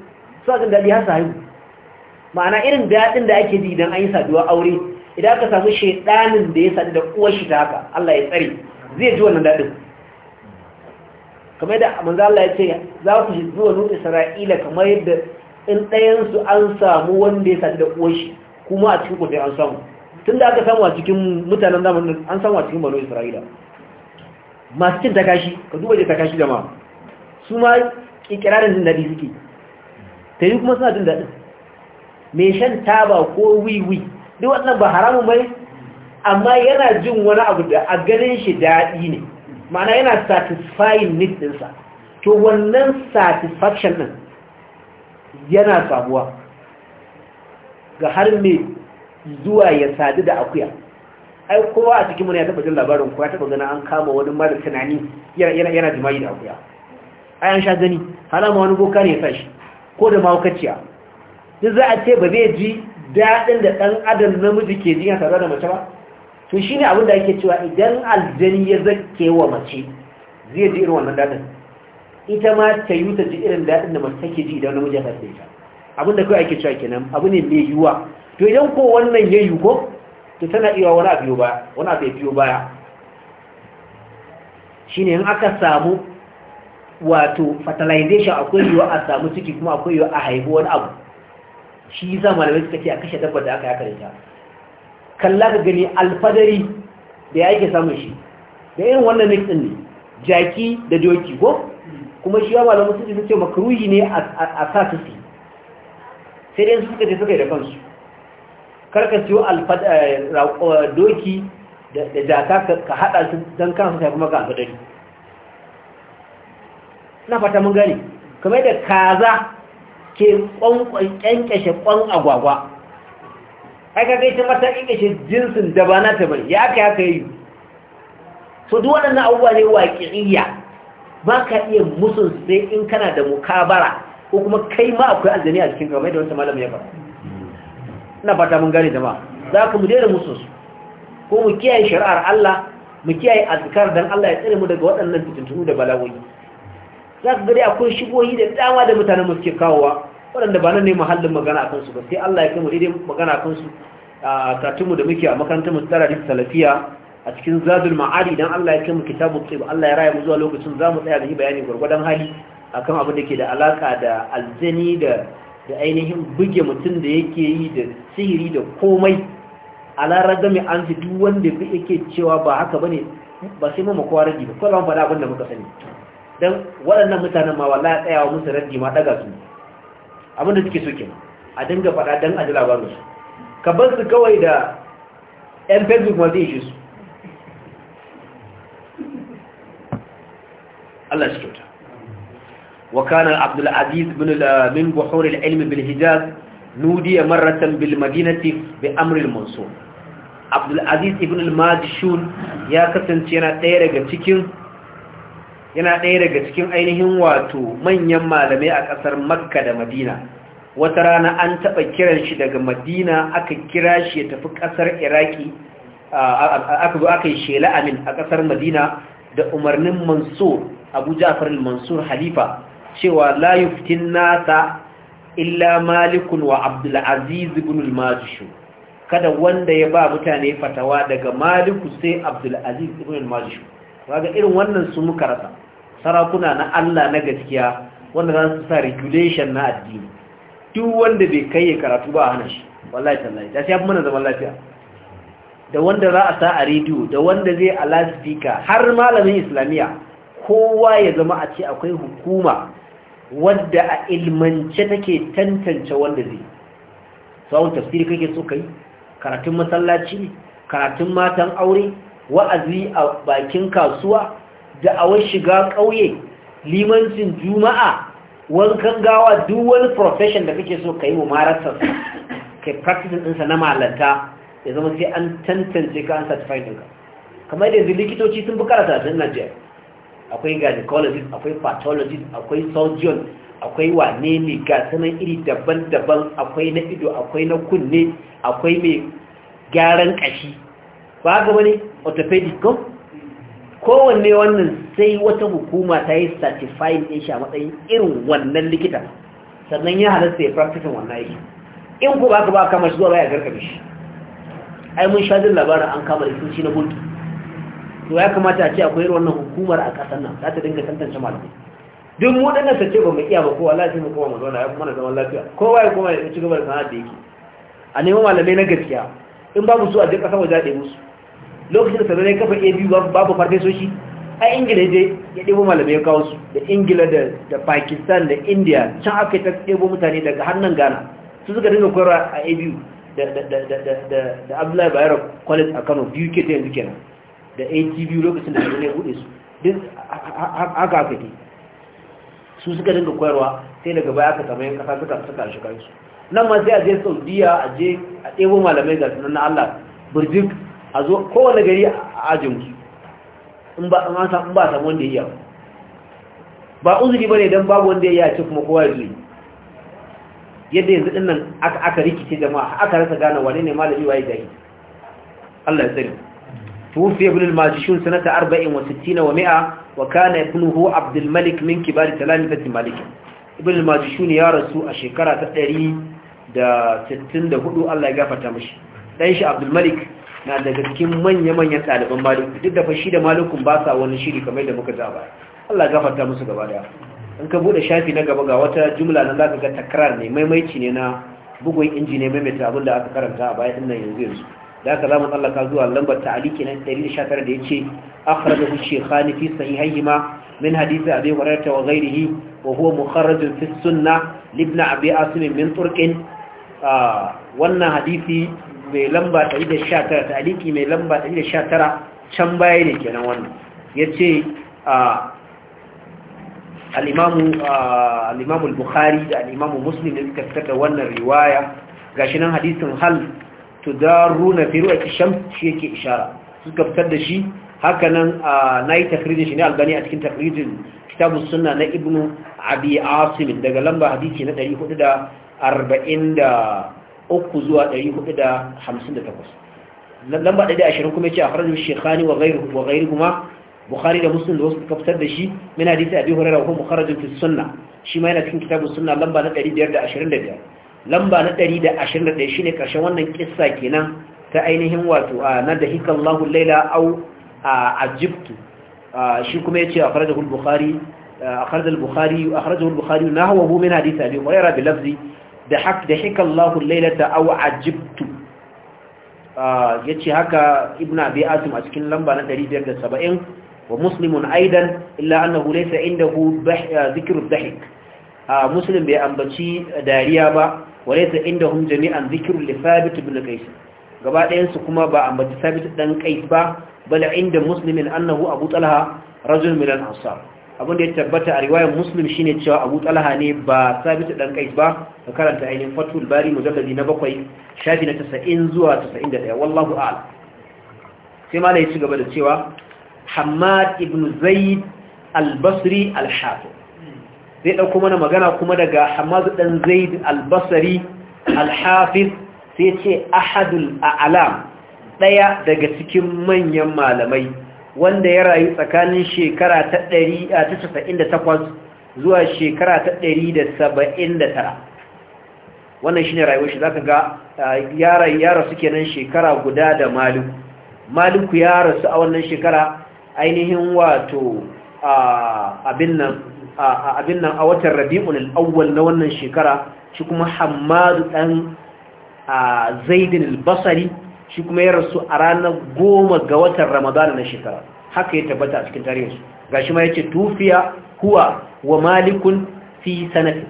su jin daɗi har su haihu ma'ana irin daɗin da ake ji idan an yi saduwa aure idan aka samu shaidanin da ya sadu da uwar shi ta haka Allah ya tsare zai ji wannan daɗin kamar yadda manzo Allah ya ce za ku ji zuwa nuna Isra'ila kamar yadda in ɗayan su an samu wanda ya sadu da uwar shi kuma a cikin kudi an samu tun da aka samu a cikin mutanen zamanin an samu a cikin bano Isra'ila masu cin takashi ka duba je takashi da ma su ma ikirarin jin daɗi suke ta yi kuma suna jin daɗin mai shan taba ko wiwi duk wannan ba haramun bai amma yana jin wani abu da a ganin shi daɗi ne ma'ana yana satisfying need ɗinsa to wannan satisfaction ɗin yana samuwa ga har mai zuwa ya sadu da akuya ai kowa a cikin ya taɓa jin labarin ko ya taɓa gana an kama wani mara tunani yana jima'i da akuya ai an sha gani halama wani boka ne ya sa shi ko da mahaukaciya duk za a ce ba zai ji daɗin da ɗan adam namiji ke jiya tare da mace ba to shi ne abinda ake cewa idan aljani ya zake wa mace zai ji irin wannan daɗin ita ma ta yi ta ji irin daɗin da mace take ji idan namiji ya tare da abinda kawai ake cewa kenan abu ne mai yiwuwa to idan ko wannan ya yiwu ko to tana iya wani abu baya wani abu ya biyo baya ne in aka samu wato fertilization akwai yiwuwa a samu ciki kuma akwai yiwuwa a haihu wani abu shi za malamai suka ce a kashe dabbar da aka yaka da kalla ka gani alfadari da ya yake samun shi da irin wannan mix din ne jaki da doki ko kuma shi ya malamai suka ce makaruhi ne a sa sai dai suka ce suka yi da kansu karka siyo eh, eh, doki da jaka ka haɗa su don kansu sai kuma ka alfadari na fata mun gani kamar da kaza ke kyankyashe kwan agwagwa aka kai ta mata kyankyashe jinsin da ba na ta bane ya aka yaka yi so duk waɗannan abubuwa ne waƙi'iyya ba ka iya musu sai in kana da mukabara ko kuma kai ma akwai aljani a cikin kamar da wata malam ya fara ina fata mun gane jama'a za ka mu daina musu su ko mu kiyaye shari'ar Allah mu kiyaye azkar dan Allah ya tsare mu daga waɗannan fitintunu da balawoyi za ka gari akwai shigoyi da dama da mutanen mu suke kawowa waɗanda ba nan ne mahallin magana kan su ba sai Allah ya kama daidai magana kan su a satinmu da muke a makarantar mu tsara da salafiya a cikin zadul ma'ari dan Allah ya kama kitabun tsib Allah ya raya mu zuwa lokacin za mu tsaya da yi bayani gwargwadon hali akan abin da ke da alaka da aljani da da ainihin buge mutum da yake yi da sihiri da komai a laraga an fi duk wanda yake cewa ba haka ba ne ba sai mu kowa rage ba kawai ban faɗa abin da muka sani don waɗannan mutanen ma wallahi tsayawa musu rage ma ɗaga su abin da suke so a dinga faɗa dan a ji labarin ka bar su kawai da yan facebook ma zai ishe su Allah shi kyauta وكان ilmi العزيز بن من بحور العلم بالحجاز نودي مرة بالمدينة بأمر Ibn عبد العزيز ya kasance يا كسنتينا daga cikin yana ɗaya daga cikin ainihin wato manyan malamai a ƙasar makka da madina wata rana an taɓa kiran shi daga madina aka kira shi ya tafi ƙasar iraki aka zo aka yi shela amin a ƙasar madina da umarnin mansur abu ja'far mansur halifa cewa la yuftin nasa illa malikun wa abdulaziz ibn al-majishu kada wanda ya ba mutane fatawa daga maliku sai abdulaziz ibn al-majishu kaga irin wannan su muka rasa sarakuna na Allah na gaskiya wanda za su sa regulation na addini duk wanda bai kai ya karatu ba a hana shi wallahi tallahi da sai abin mana zaman lafiya da wanda za a sa a rediyo da wanda zai a lasifika har malamin islamiyya kowa ya zama a ce akwai hukuma Wanda a ilmance take tantance wanda zai sawun tafsiri kake so kai karatun masallaci karatun matan aure wa'azi a bakin kasuwa da a wasu shiga ƙauye limancin juma'a wankan gawa duk wani profession da kake so ka yi marasar ka practicing ɗinsa na malanta ya zama sai an tantance ka an certified ɗinka kamar yanzu likitoci sun fi ta a Najeriya akwai gynecologist akwai pathologist akwai surgeon akwai wane ne ga sanan iri daban-daban akwai na ido akwai na kunne akwai mai gyaran kashi ba ga wani orthopedic ko kowanne wannan sai wata hukuma ta yi certifying din shi a matsayin irin wannan likita sannan ya halatta ya practicing wannan aiki in ku ba ka ba kamar shi zuwa baya garkame shi ai mun sha jin labarin an kama rikici na bulki to ya kamata a ce akwai irin wannan hukumar a ƙasar nan za ta dinga tantance malamai duk mu dinga sace ba mu iya ba kowa sai mu koma mu zauna ya kuma na zaman lafiya kowa ya kuma ya ci gaba da sana'ar da yake a neman malamai na gaskiya in babu su a duk ƙasar waje a ɗaya musu lokacin da sanar ya kafa abu babu farfesoshi a ingila je ya ɗebo malamai ya kawo su da ingila da pakistan da india can aka yi ta ɗebo mutane daga hannun ghana su suka dinga koyarwa a abu da abdullahi bayero college a kano biyu ke ta yanzu kenan da atv lokacin da ya buɗe su duk haka aka ke su suka dinga koyarwa sai daga baya aka samu yan kasa suka suka shi kansu nan ma sai a je saudiya a je a ɗebo malamai ga sunan na allah burjik a zo kowane gari a ajinki in ba a samu wanda ya yi ba uzuri ba ne don babu wanda ya yi kuma kowa ya yi yadda yanzu dinnan aka rikice jama'a aka rasa gane wane ne malami wa yi gari allah ya tsari tufi ibn al-majishun sanata 40 wa 60 wa 100 wa kana ibn hu abd al-malik min kibari talamidatin malik ibn al-majishun ya rasu a shekara ta 164 allah ya gafarta mishi dan shi abd al-malik na daga cikin manya-manyan ɗaliban maliku duk da fashi da malukun ba sa wani shiri kamar da muka zaba Allah gafarta musu gaba da in ka bude shafi na gaba ga wata jumla na zaka ga takrar ne maimaici ne na bugun inji ne maimaita abin da aka karanta a bayan nan yanzu yanzu da aka zamu ka zuwa lambar ta'aliki na 119 da yace akhrajahu shaykhani fi sahihayhima min hadithi abi hurairah wa ghayrihi wa huwa mukharraj fi sunnah libna abi asim min turqin ah, wannan hadisi mai lamba 119 taliki mai lamba 119 can baya ne kenan wannan yace a al-imamu al bukhari da Alimamu imamu muslim ne suka fitar da wannan riwaya Ga shi nan hadisin hal tudaruna fi a kishan shi yake ishara suka fitar da shi haka nan yi takrijin shi ne albani a cikin takrijin kitabun suna na ibnu abi Asimin daga lamba hadisi na 440 uku zuwa 458 lamba 120 kuma yace akhrajahu shaykhani wa ghayruhu wa ghayruhuma bukhari da muslim da wasu kaftar da shi min hadisi abi hurairah ko mukharrajun fi sunna shi ma yana cikin kitabun sunna lamba na 525 lamba na 121 shine karshen wannan kissa kenan ta ainihin wato na da hikallahu laila au ajibtu shi kuma yace akhrajahu al-bukhari akhrajahu al-bukhari akhrajahu al-bukhari nahwahu min hadisi abi hurairah bi lafzi da hak da hika Allahu lailata aw ya ah, yace haka ibnu abi asim a cikin lamba na 570 wa muslimun aidan illa annahu inda indahu dhikru ah, dhahik ah, muslim bai ambaci dariya ba wa inda hun jami'an dhikru li thabit ibn gaba ɗayansu su kuma ba ambaci sabit ɗan qais ba bala inda muslimin annahu abu talha rajul milan al abin da ya tabbata a riwayar muslim shine cewa abu talha ne ba sabita dan kai ba ka karanta ainihin fatul bari mujalladi na bakwai shafi na tasa'in zuwa da ɗaya wallahu ala sai malai ci gaba da cewa hamad ibn zaid al-basri al zai dauko mana magana kuma daga hamad ɗan zaid al-basri al-hafiz sai ce ahadul a'lam ɗaya daga cikin manyan malamai wanda ya rayu tsakanin shekara ta 198 zuwa shekara ta 179 wannan shine rayuwar shi zaka ga yara yara suke nan shekara guda da maliku maliku ya rasu a wannan shekara ainihin wato abin nan abin nan a watan rabi'un al-awwal na wannan shekara shi kuma hammadu dan zaidin al-basri shi kuma ya rasu a ranar goma ga watan ramadana na shekara haka ya tabbata a cikin tarihinsu shi. ma ya ce tufiya huwa wa malikun fi sanati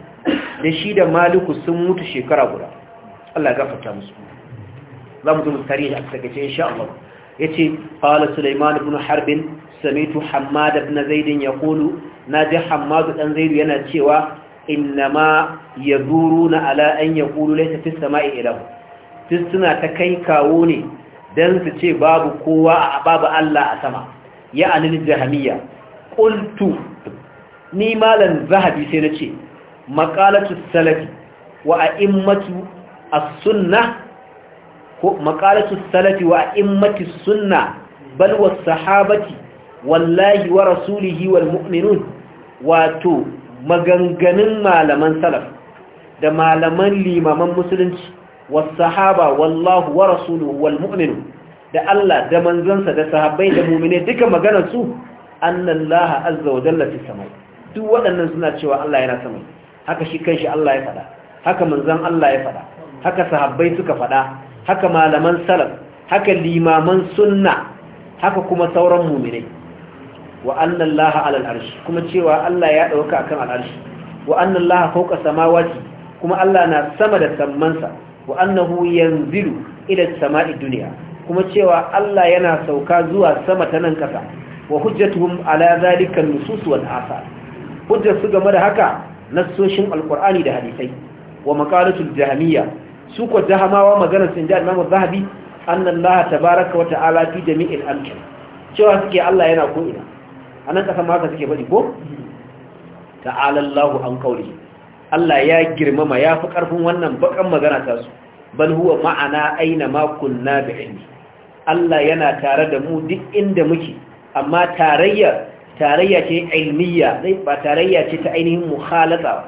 da shi da maliku sun mutu shekara guda Allah gafarta musu za mu zo tarihi a takaice insha Allah ce qala Sulaiman ibn Harb samitu Hammad ibn kulu na ji Hammad dan Zaidu yana cewa innama yaduruna ala an yaqulu laysa fis sama'i ilahu duk suna ta kai kawo ne don su ce babu kowa a babu Allah a sama ya anin jahamiya qultu ni malan zahabi sai na ce maqalatu salafi wa a'immatu as-sunnah ko maqalatu salafi wa sunnah bal was sahabati wallahi wa rasulihi wal mu'minun wato maganganun malaman salaf da malaman limaman musulunci والصحابة والله ورسوله والمؤمن da Allah da manzansa da sahabbai da muminai duka maganar su annallaha azza wa jalla fi duk waɗannan suna cewa Allah yana sama haka shi kanshi Allah ya faɗa haka manzan Allah ya faɗa haka sahabbai suka faɗa haka malaman salaf haka limaman sunna haka kuma sauran muminai. wa annallaha alal kuma cewa Allah ya dauka akan al arshi wa annallaha fawqa samawati kuma Allah na sama da sammansa wa annahu yanzilu ila samai dunya kuma cewa Allah yana sauka zuwa sama ta nan kasa wa hujjatuhum ala zalika nusus wal athar hujjar su game da haka nassoshin alqur'ani da hadisai wa maqalatul jahmiyya su ko jahmawa magana sun ji Imam Zahabi annallaha tabaaraka wa ta'ala fi jami'il amkin cewa suke Allah yana ko ina anan kasa ma haka suke bari ko ta'ala Allahu an qawlihi Allah ya girmama ya fi ƙarfin wannan bakan magana ta su bal huwa ma'ana aina ma na bi ilmi Allah yana tare da mu duk inda muke amma tarayya tarayya ce ilmiya zai ba tarayya ce ta ainihin mukhalata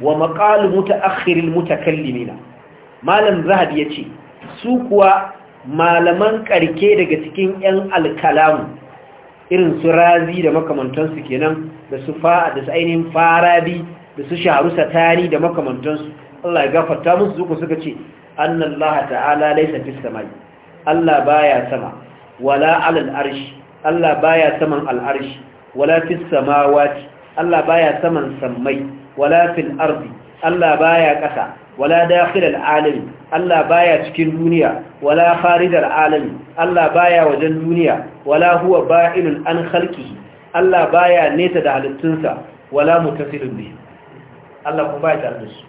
wa maqalu mutaakhiril mutakallimina malam ya yace su kuwa malaman karke daga cikin 'yan alkalamu irin su razi da makamantansu kenan da su da su ainihin farabi da su shaharu tari da makamantansu Allah ya gafarta musu zuku suka ce annallaha ta'ala laysa fis samai Allah baya sama wala alal arshi Allah baya saman al arshi wala fis samawati Allah baya saman sammai wala fil ardi Allah baya ƙasa wala dakhil al alami Allah baya cikin duniya wala kharij al alami Allah baya wajen duniya wala huwa ba'inun an khalqihi Allah baya nesa da halittunsa wala mutasilun bihi Allah kuma baya tare da su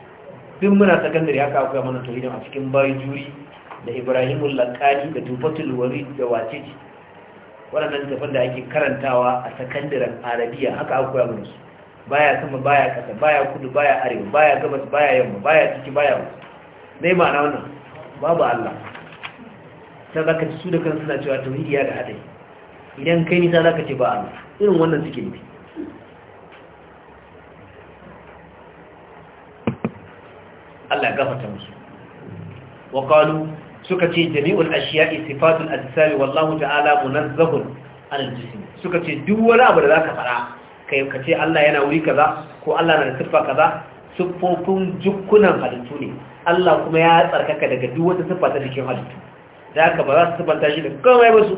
bin muna sakandare haka akwai mana tauhidin a cikin bayi juri da Ibrahimul Laqani da Tufatul wari da Waciti waɗannan tafin da ake karantawa a sakandaren Arabiya haka akwai mana su baya sama baya kasa baya kudu baya arewa baya gabas baya yamma baya ciki baya wasu mai ma'ana wannan babu Allah ta za ci su da kan suna cewa tauhidi ya da haɗari idan kai nisa za ka ce ba Allah irin wannan suke nufi Allah gafarta musu wa qalu suka ce jami'ul ashiya'i sifatul ajsam wallahu ta'ala munazzahun anil jism suka ce duk wani abu da zaka fara kai ka ce Allah yana wuri kaza ko Allah na da siffa kaza sifofin jukkunan halittu ne Allah kuma ya tsarkaka daga duk wata siffa ta cikin halittu da haka ba za su siffanta shi da komai ba su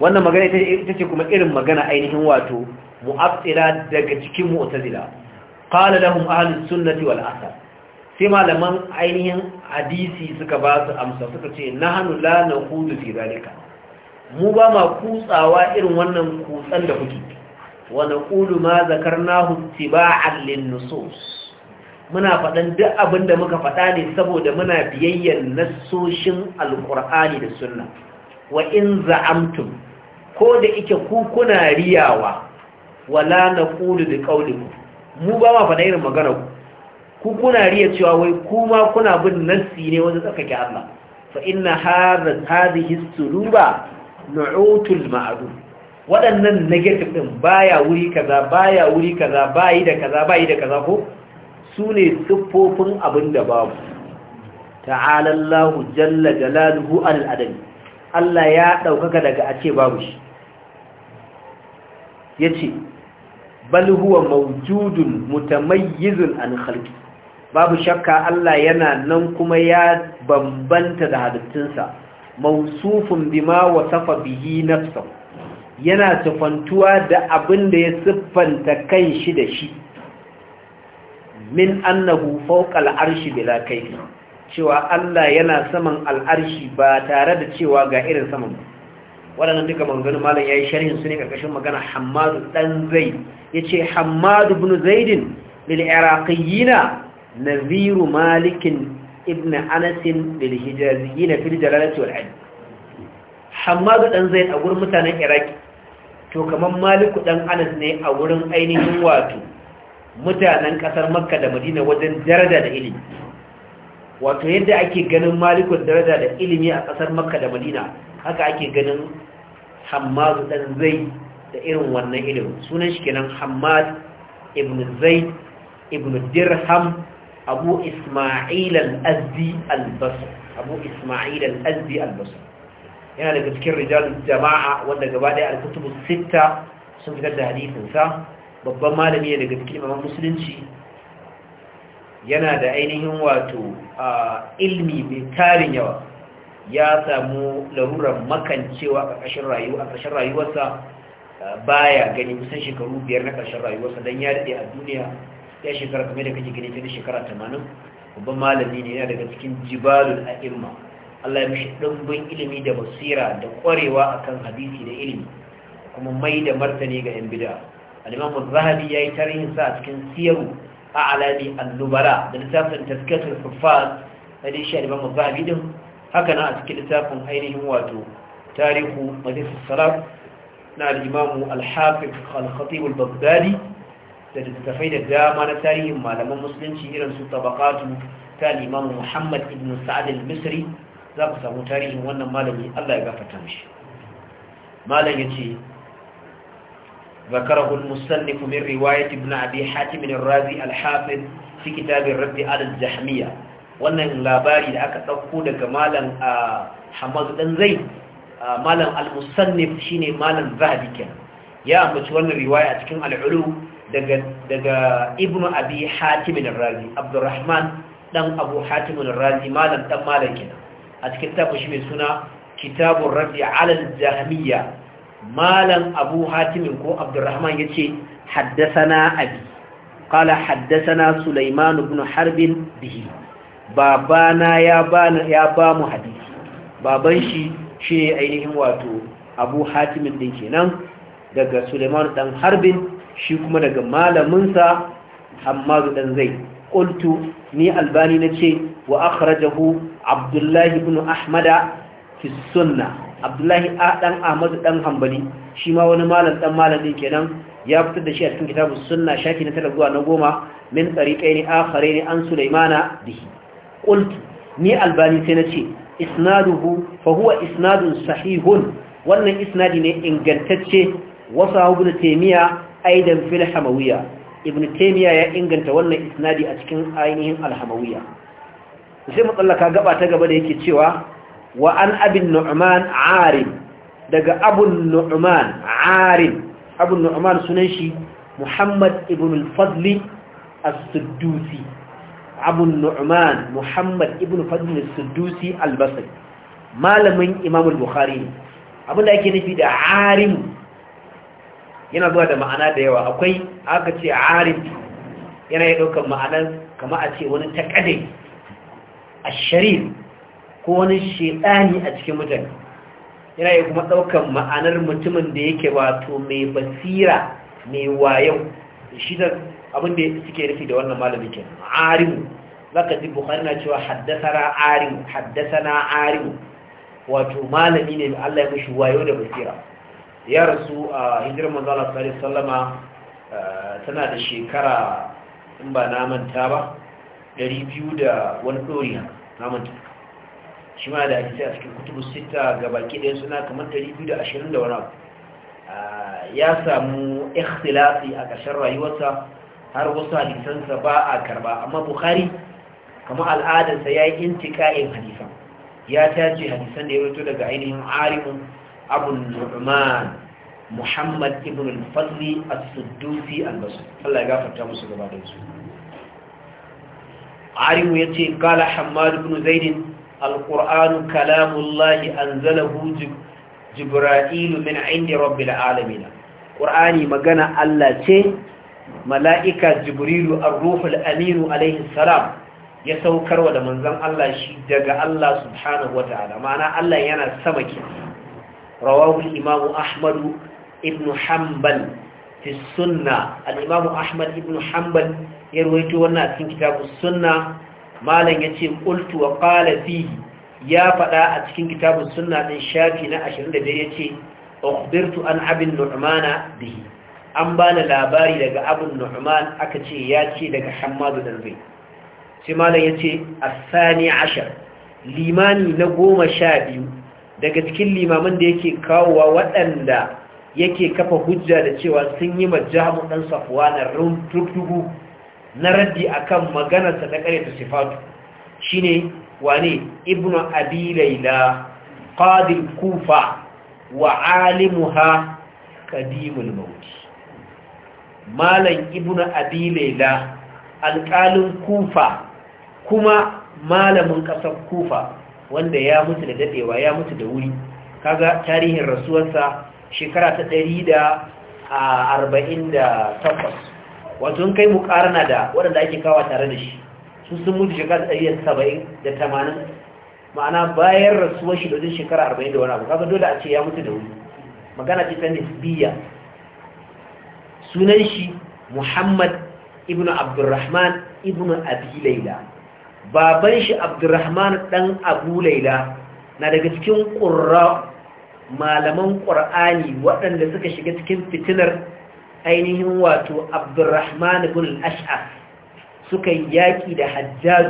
wannan magana ita ce kuma irin magana ainihin wato mu'abtira daga cikin mu'tazila qala lahum ahlus sunnati wal asr sai malaman ainihin hadisi suka ba su amsa suka ce na hannu la na fi zalika mu ba ma kutsawa irin wannan kutsan da kuke wa na kulu ma zakarnahu tiba'an nusus muna faɗan duk abin da muka faɗa ne saboda muna biyayyar nasoshin alƙur'ani da sunna wa in za'amtum ko da ike kukuna riyawa wa na kulu da kauli mu ba ma faɗa irin maganaku. ku kuna riya cewa wai kuma kuna bin nassi ne wanda ke Allah fa inna hadha hadhihi suluba nu'utul ma'adu waɗannan negative din baya wuri kaza baya wuri kaza bayi da kaza bayi da kaza ko sune siffofin abin da babu ta'ala Allahu jalla jalaluhu al adami Allah ya daukaka daga a ce babu shi yace bal huwa mawjudun mutamayyizun an khalqi babu shakka Allah yana nan kuma ya bambanta da halittunsa Mausufin bima wasafa bihi nafsuhu yana tufantuwa da abin da ya siffanta kan shi da shi min annahu fawqa al'arshi bila kayfi cewa Allah yana saman al'arshi ba tare da cewa ga irin saman ba Wadannan duka maganganun malam yayi sharhin su ne karkashin magana Hammadu dan Zaid yace Hammadu ibn Zaidin lil iraqiyina naziru malikin ibn anasin lil hijaziyyin fil jalalati wal ilm hammadu dan zaid a gurin mutanen iraki to kaman maliku dan anas ne a gurin ainihin wato mutanen kasar makka da madina wajen daraja da ilimi wato yadda ake ganin malikun daraja da ilimi a ƙasar makka da madina haka ake ganin hammadu dan da irin wannan ilimin sunan shi kenan hammad ibn zaid ibn dirham abu ismail al-azdi al-basri abu ismail al-azdi al yana daga cikin rijal jama'a wanda gabaɗaya al-kutubu sita sun fitar da hadisin sa babban malami ne daga cikin musulunci yana da ainihin wato ilmi mai tarin yawa ya samu larurar makancewa a ƙarshen rayuwa a ƙarshen rayuwarsa baya gani kusan shekaru biyar na ƙarshen rayuwarsa don ya daɗe a duniya ya shekara kamar da kake gani ta shekara tamanin babban malami ne yana daga cikin jibalul a'imma Allah ya mishi ɗumbin ilimi da basira da ƙwarewa akan hadisi da ilimi kuma mai da martani ga yan bid'a al-imamu zahabi yayi tarihin sa a cikin siyaru a alami al da littafin tazkiyatul sufat da shi al zahabi din haka na a cikin littafin ainihin wato tarihu majlis salat na al alhafi al-hafiz da da dama na tarihin malaman musulunci irin su tabaqatu ta limamu Muhammad ibn Sa'ad al-Misri za ku samu tarihin wannan malami Allah ya gafarta mishi malam yace ذكره المصنف من رواية ابن أبي حاتم الرازي الحافظ في كتاب الرد على الجحمية wannan labari da aka ɗauko daga malam hamadu ɗan zai malam al-musannif shine malam zahabi kenan ya ambaci wannan riwaya a cikin al'ulu daga ibnu abi hatim al-razi abdurrahman dan abu hatim al-razi malam dan malam kenan a cikin tafi mai suna kitabun rafi alal jahmiya malam abu hatim ko abdurrahman yace haddathana abi qala haddathana sulaiman ibn harb bihi babana ya bana ya ba mu hadisi baban shi shine ainihin wato abu hatim din kenan daga sulaiman dan harbin shi kuma daga malaminsa amma dan zai qultu ni albani nace wa akhrajahu abdullahi ibn ahmada fi sunna abdullahi a dan ahmad dan shi ma wani malam dan malamin kenan ya fitar da shi a cikin kitabus sunna shafi na 9 zuwa na goma min tariqaini ne an sulaimana bihi ni albani sai ce isnaduhu fa huwa isnadun sahihun wannan isnadi ne ingantacce wasu abu da taimiya aidan fil hamawiya ibn taymiya ya inganta wannan isnadi a cikin ainihin al hamawiya sai mu tsallaka gaba ta gaba da yake cewa wa an abin nu'man arim daga abun nu'man arim abun nu'man sunan shi muhammad ibn al-fadli as-suddusi abun nu'man muhammad ibn fadli as-suddusi al-basri malamin imam al-bukhari abinda yake nufi da arim yana zuwa da ma'ana da yawa akwai aka ce arif yana ya ɗaukar ma'anar kama a ce wani taƙadai a sharif ko wani shaɗani a cikin mutane yana ya kuma ɗaukar ma'anar mutumin da yake wato mai basira mai wayo shi da abin da suke rufi da wannan malamin ke arimu ka ji bukari na cewa haddasana arimu haddasana arimu wato malami ne Allah ya mushi wayo da basira ya rasu a hijirar manzala tsari sallama eh, tana da shekara in ba na manta ba 200 da wani ɗoriya na manta shi ma da hadisai a cikin kutubu sita ga baki ɗaya suna kamar 220 da wani abu eh, ya samu ikhtilafi a ƙarshen rayuwarsa har wasu hadisansa ba a karba amma bukhari kama al'adarsa ya yi intika'in hadisan ya tace hadisan da ya rito daga ainihin arimun abu nu'man muhammad ibn al-fadli as-suddusi al-basri Allah ya gafarta musu gaba da su arimu yace qala hammad ibn zaid al-qur'anu kalamullahi anzalahu jibril min indi rabbil alamin qur'ani magana Allah ce mala'ika jibrilu ar-ruhul aminu alayhi salam ya saukarwa da manzon Allah shi daga Allah subhanahu wataala ma'ana Allah yana sama kenan رواه الإمام أحمد ابن حنبل في السنة الإمام أحمد ابن حنبل يرويت وانا في كتاب السنة ما لن يتيب قلت وقال فيه يا فلا أتكين كتاب السنة من شاكنا أشهر لبيتي أخبرت أن أبي النعمان به an ba ni labari daga abin nu'man aka ce ya ce daga hamadu dalbai sai malam ya ce a sani ashar limani na goma sha biyu daga cikin limamin da yake kawowa waɗanda yake kafa hujja da cewa sun yi majahamu ɗan safuwa na rukdugu na raddi a kan maganarsa na ƙarfi sifatu shi shine wane ibnu abi laila ƙadil kufa wa alimuha ƙadimul maut malam Ibn abi laila alƙalin kufa kuma malamin ƙasar kufa wanda ya mutu da dadewa ya mutu da wuri kaga tarihin rasuwarsa shekara ta 148 wato kai mu karana da waɗanda ake kawa tare da shi su sun mutu shekara ta 170 da 80 ma'ana bayan rasuwar shi da shekara 40 da wani abu kaga dole a ce ya mutu da wuri magana ce ta nisbiya sunan shi muhammad ibn abdurrahman ibn abi laila baban shi abdurrahman dan abu laila na daga cikin ƙurra malaman ƙur'ani waɗanda suka shiga cikin fitinar ainihin wato abdurrahman ibn al suka yaƙi da hajjaz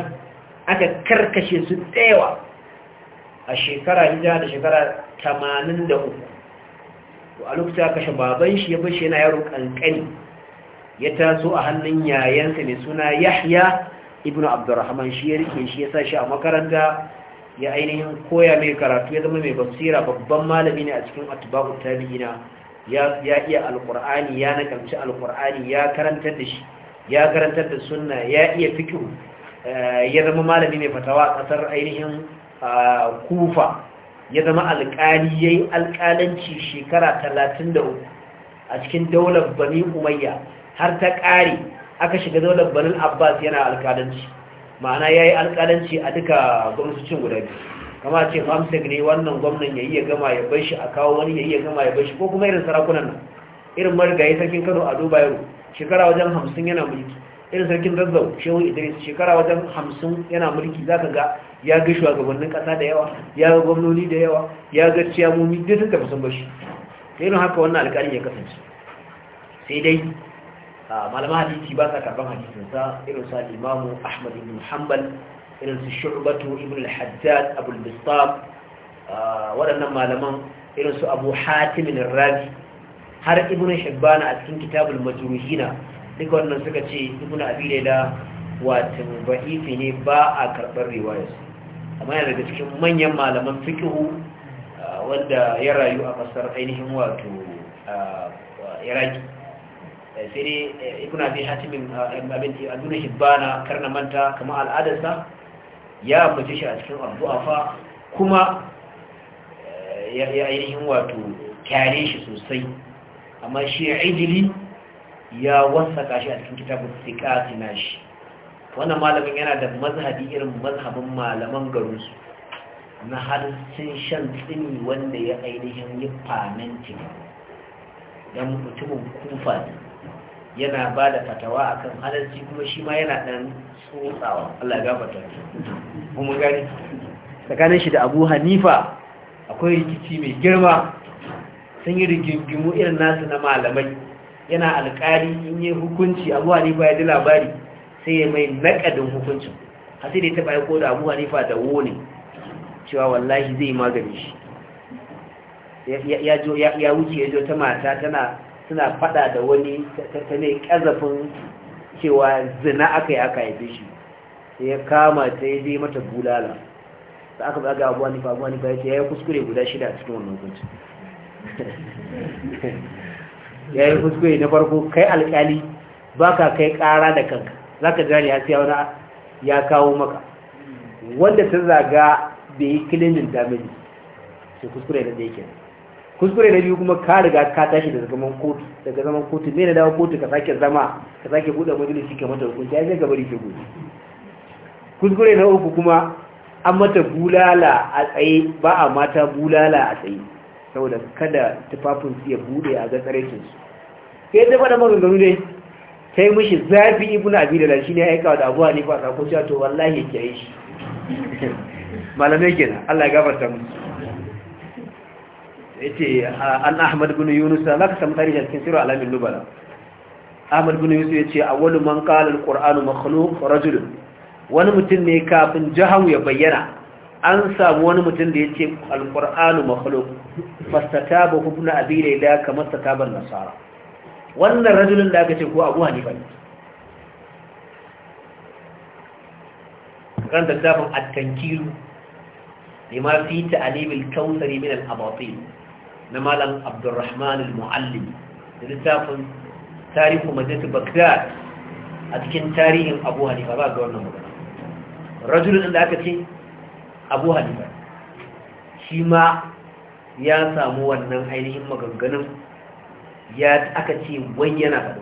aka karkashe su tsayawa a shekara hijira da shekara 83 a lokacin kashe baban shi ya bashi yana yaro kankani ya taso a hannun yayansa mai suna yahya ibnu abdurrahman shi ya rike shi ya sa shi a makaranta ya ainihin koya mai karatu ya zama mai basira babban malami ne a cikin atba'u tabi'ina ya ya iya alqur'ani ya nakalci alkur'ani ya karantar da shi ya karantar da sunna ya iya fikir. Eh, ya zama malami mai fatawa a kasar ainihin kufa ya zama alƙali yayi alƙalanci shekara 33 a cikin daular bani umayya har ta ƙare aka shiga daular banin abbas yana alkalanci ma'ana ya yi alkalanci a duka gwamnatocin guda biyu kama ce famsig ne wannan gwamnan ya yi ya gama ya bai shi a kawo wani ya yi ya gama ya bai shi ko kuma irin sarakunan nan irin margaye sarkin kano a duba yau shekara wajen hamsin yana mulki irin sarkin zazzau shehu idris shekara wajen hamsin yana mulki za ka ga ya ga shugabannin kasa da yawa ya ga gwamnoni da yawa ya ga ciyamomi duk da tafi sun bashi ta yi haka wannan alƙalin ya kasance sai dai malaman hadisi ba sa karban hadisinsa irin sa ahmad ibn hanbal irin su shu'batu ibn al-hajjaj bistab waɗannan malaman irin su abu hatim rabi har ibn hibban a cikin kitabul majruhina duka wannan suka ce ibn abin da watin ba'ifi ne ba a karɓar riwayarsa amma yana daga cikin manyan malaman fikihu wanda ya rayu a ƙasar ainihin wato iraki Eh, sai dai eh, ibn abi hatim eh, abin hibbana karna manta kama al'adarsa ya ambace shi a cikin addu'afa kuma ya ainihin wato kyare shi sosai amma shi ijili ya wasaka shi a cikin kitabun sikati shi. wannan malamin yana da mazhabi irin mazhabin malaman garinsu na sun shan tsini wanda ya ainihin yi faminti don mutumin kufa ne yana ba da fatawa a kan halarci kuma shi ma yana ɗan tsotsawa Allah ya gafata kuma gani tsakanin shi da abu hanifa akwai rikici mai girma sun yi rigingimu irin nasu na malamai yana alkali in yi hukunci abu hanifa ya ji labari sai ya mai naƙadin hukuncin a sai da ya taɓa ya koda abu hanifa da wone cewa wallahi zai magani shi ya wuce ya zo ta mata tana suna fada da wani ta ne kazafin cewa zina aka yi aka haife shi sai ya kama ta yi zai mata bulala da aka baga abuwa nifa abuwa nifa ya ce ya yi kuskure guda shida a cikin wannan hukunci (laughs) ya yi kuskure na farko kai alkali ba ka kai kara da kanka za ka jira ya siya wani ya kawo maka wanda ta zaga bai yi kilimin damini sai kuskure da yake kuskure na biyu kuma ka riga ka tashi daga zaman kotu daga zaman kotu me na dawo kotu ka sake zama ka sake buɗe majalisi ka mata hukunci ya je ka bari ke gudu kuskure na uku kuma an mata bulala a tsaye ba a mata bulala a tsaye saboda kada tufafin su ya bude a gatsarakin su sai ta faɗa maganganu ne sai mishi zafi ibnu shi ne ya aika da abuwa ne a sako cewa to wallahi yake yi shi (laughs) malamai kenan Allah ya gafarta musu yace an Ahmad bin Yunus za zaka samu tarihi cikin sirru alamin nubala Ahmad bin Yunus yace awwalu man qala al-Qur'anu makhluq rajul wani mutum ne kafin jahamu ya bayyana an samu wani mutum da yace al-Qur'anu makhluq fastataba ibn Abi Layla kama stataba an-Nasara wannan rajulun da aka ce ko Abu Hanifa ne kan da zafin at-tankiru lima fi ta'alimil kawsari min al-abatil na malam abdurrahman al-muallim da littafin tarihu madinatu bagdad a cikin tarihin abu hanifa ba ga wannan magana rajulun da aka ce abu hanifa shi ma ya samu wannan ainihin maganganun ya aka ce wai yana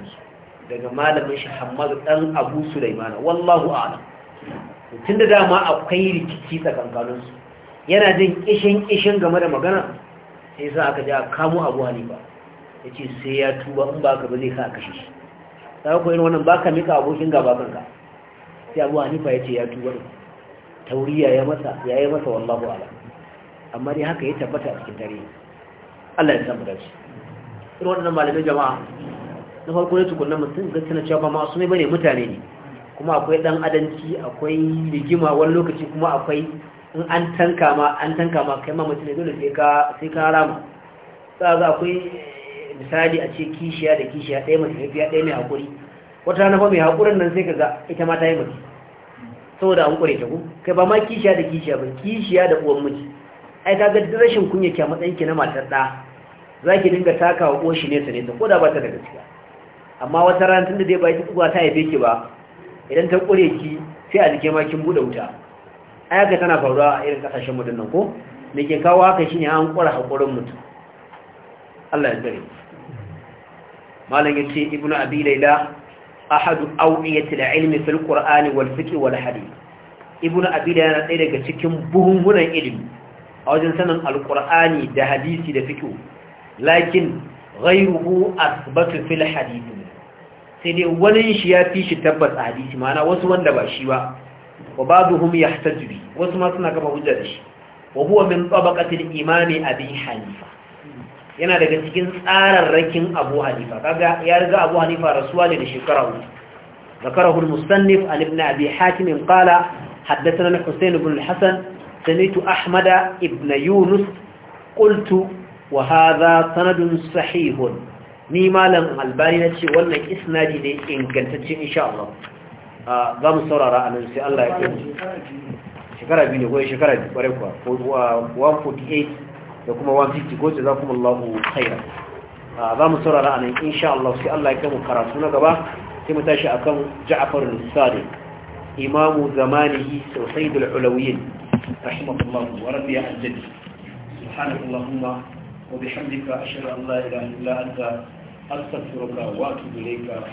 daga malamin shi hamadu ɗan abu sulaimana wallahu alam tun da dama akwai rikici tsakankaninsu yana jin kishin kishin game da magana sai sa aka ja kamo abu ba ya ce sai ya tuba in ba ka ba zai sa a kashe shi ta kuwa yin wannan ba ka mika abokin gaba kanka sai abu ba ya ce ya tuba ne tauriya ya masa ya yi masa wallahu ala amma dai haka ya tabbata a cikin dare Allah ya samu dace irin wannan malamai jama'a na farko ne tukunan mutum ga tana cewa ba su ne bane mutane ne kuma akwai dan adanci akwai rigima wani lokaci kuma akwai in an tanka ma an tanka ma kai ma mutum ne dole sai ka sai ka a za ga akwai eh, misali a ce kishiya da kishiya ɗaya mai haifiya ɗaya mai haƙuri wata rana ba mai haƙurin nan sai ka ga ita ma ta yi mace saboda an ƙure ta ku kai ba ma kishiya da kishiya ba kishiya da uwan miji ai ka ga rashin kunya ki a matsayin ki na matar ɗa za ki dinga taka wa ƙoshi ne nesa ne ko da ba ta da gaskiya amma wata rana tun da dai ba ta haife ki ba idan ta ƙure ki sai a jike ma kin buɗe wuta ayaka tana faruwa a irin kasashen mu dinnan ko me ke kawo haka ne an kura hakurin mutum Allah ya tsare malam ce ibnu abi laila ahadu awiyati al-ilmi fil qur'ani wal fiqh wal hadith ibnu abi laila yana ɗaya daga cikin buhunhunan ilimi a wajen sanin alqur'ani da hadisi da fiqh lakin ghayruhu asbatu fil hadith sai dai wani shi ya fi shi tabbas a hadisi ma'ana wasu wanda ba shi ba wa ba'dhum yahtaju bi wasu ma suna kafa hujja da shi wa huwa min tabaqati imami abi hanifa yana daga cikin tsararrakin abu hanifa kaga ya riga abu hanifa rasuwa ne da shekara uku ذكره المصنف عن ابن أبي حاتم قال حدثنا الحسين بن الحسن سميت أحمد ابن يونس قلت وهذا سند صحيح ni malam albani na ce wannan isnadi ne ingantacce insha Allah za mu saurara a nan sai Allah ya kai shekara biyu ne ko shekara biyu kwarai kuwa 148 da kuma 150 ko ce za kuma Allah khaira za mu saurara a nan insha Allah sai Allah ya kai mu karatu na gaba sai mu tashi akan Ja'far al-Sadiq imamu zamanihi Sayyid al-Ulawiyyin rahimahullah wa radiya al-jaddi subhanallahu wa bihamdika ashhadu an la ilaha illa anta astaghfiruka wa atubu ilayka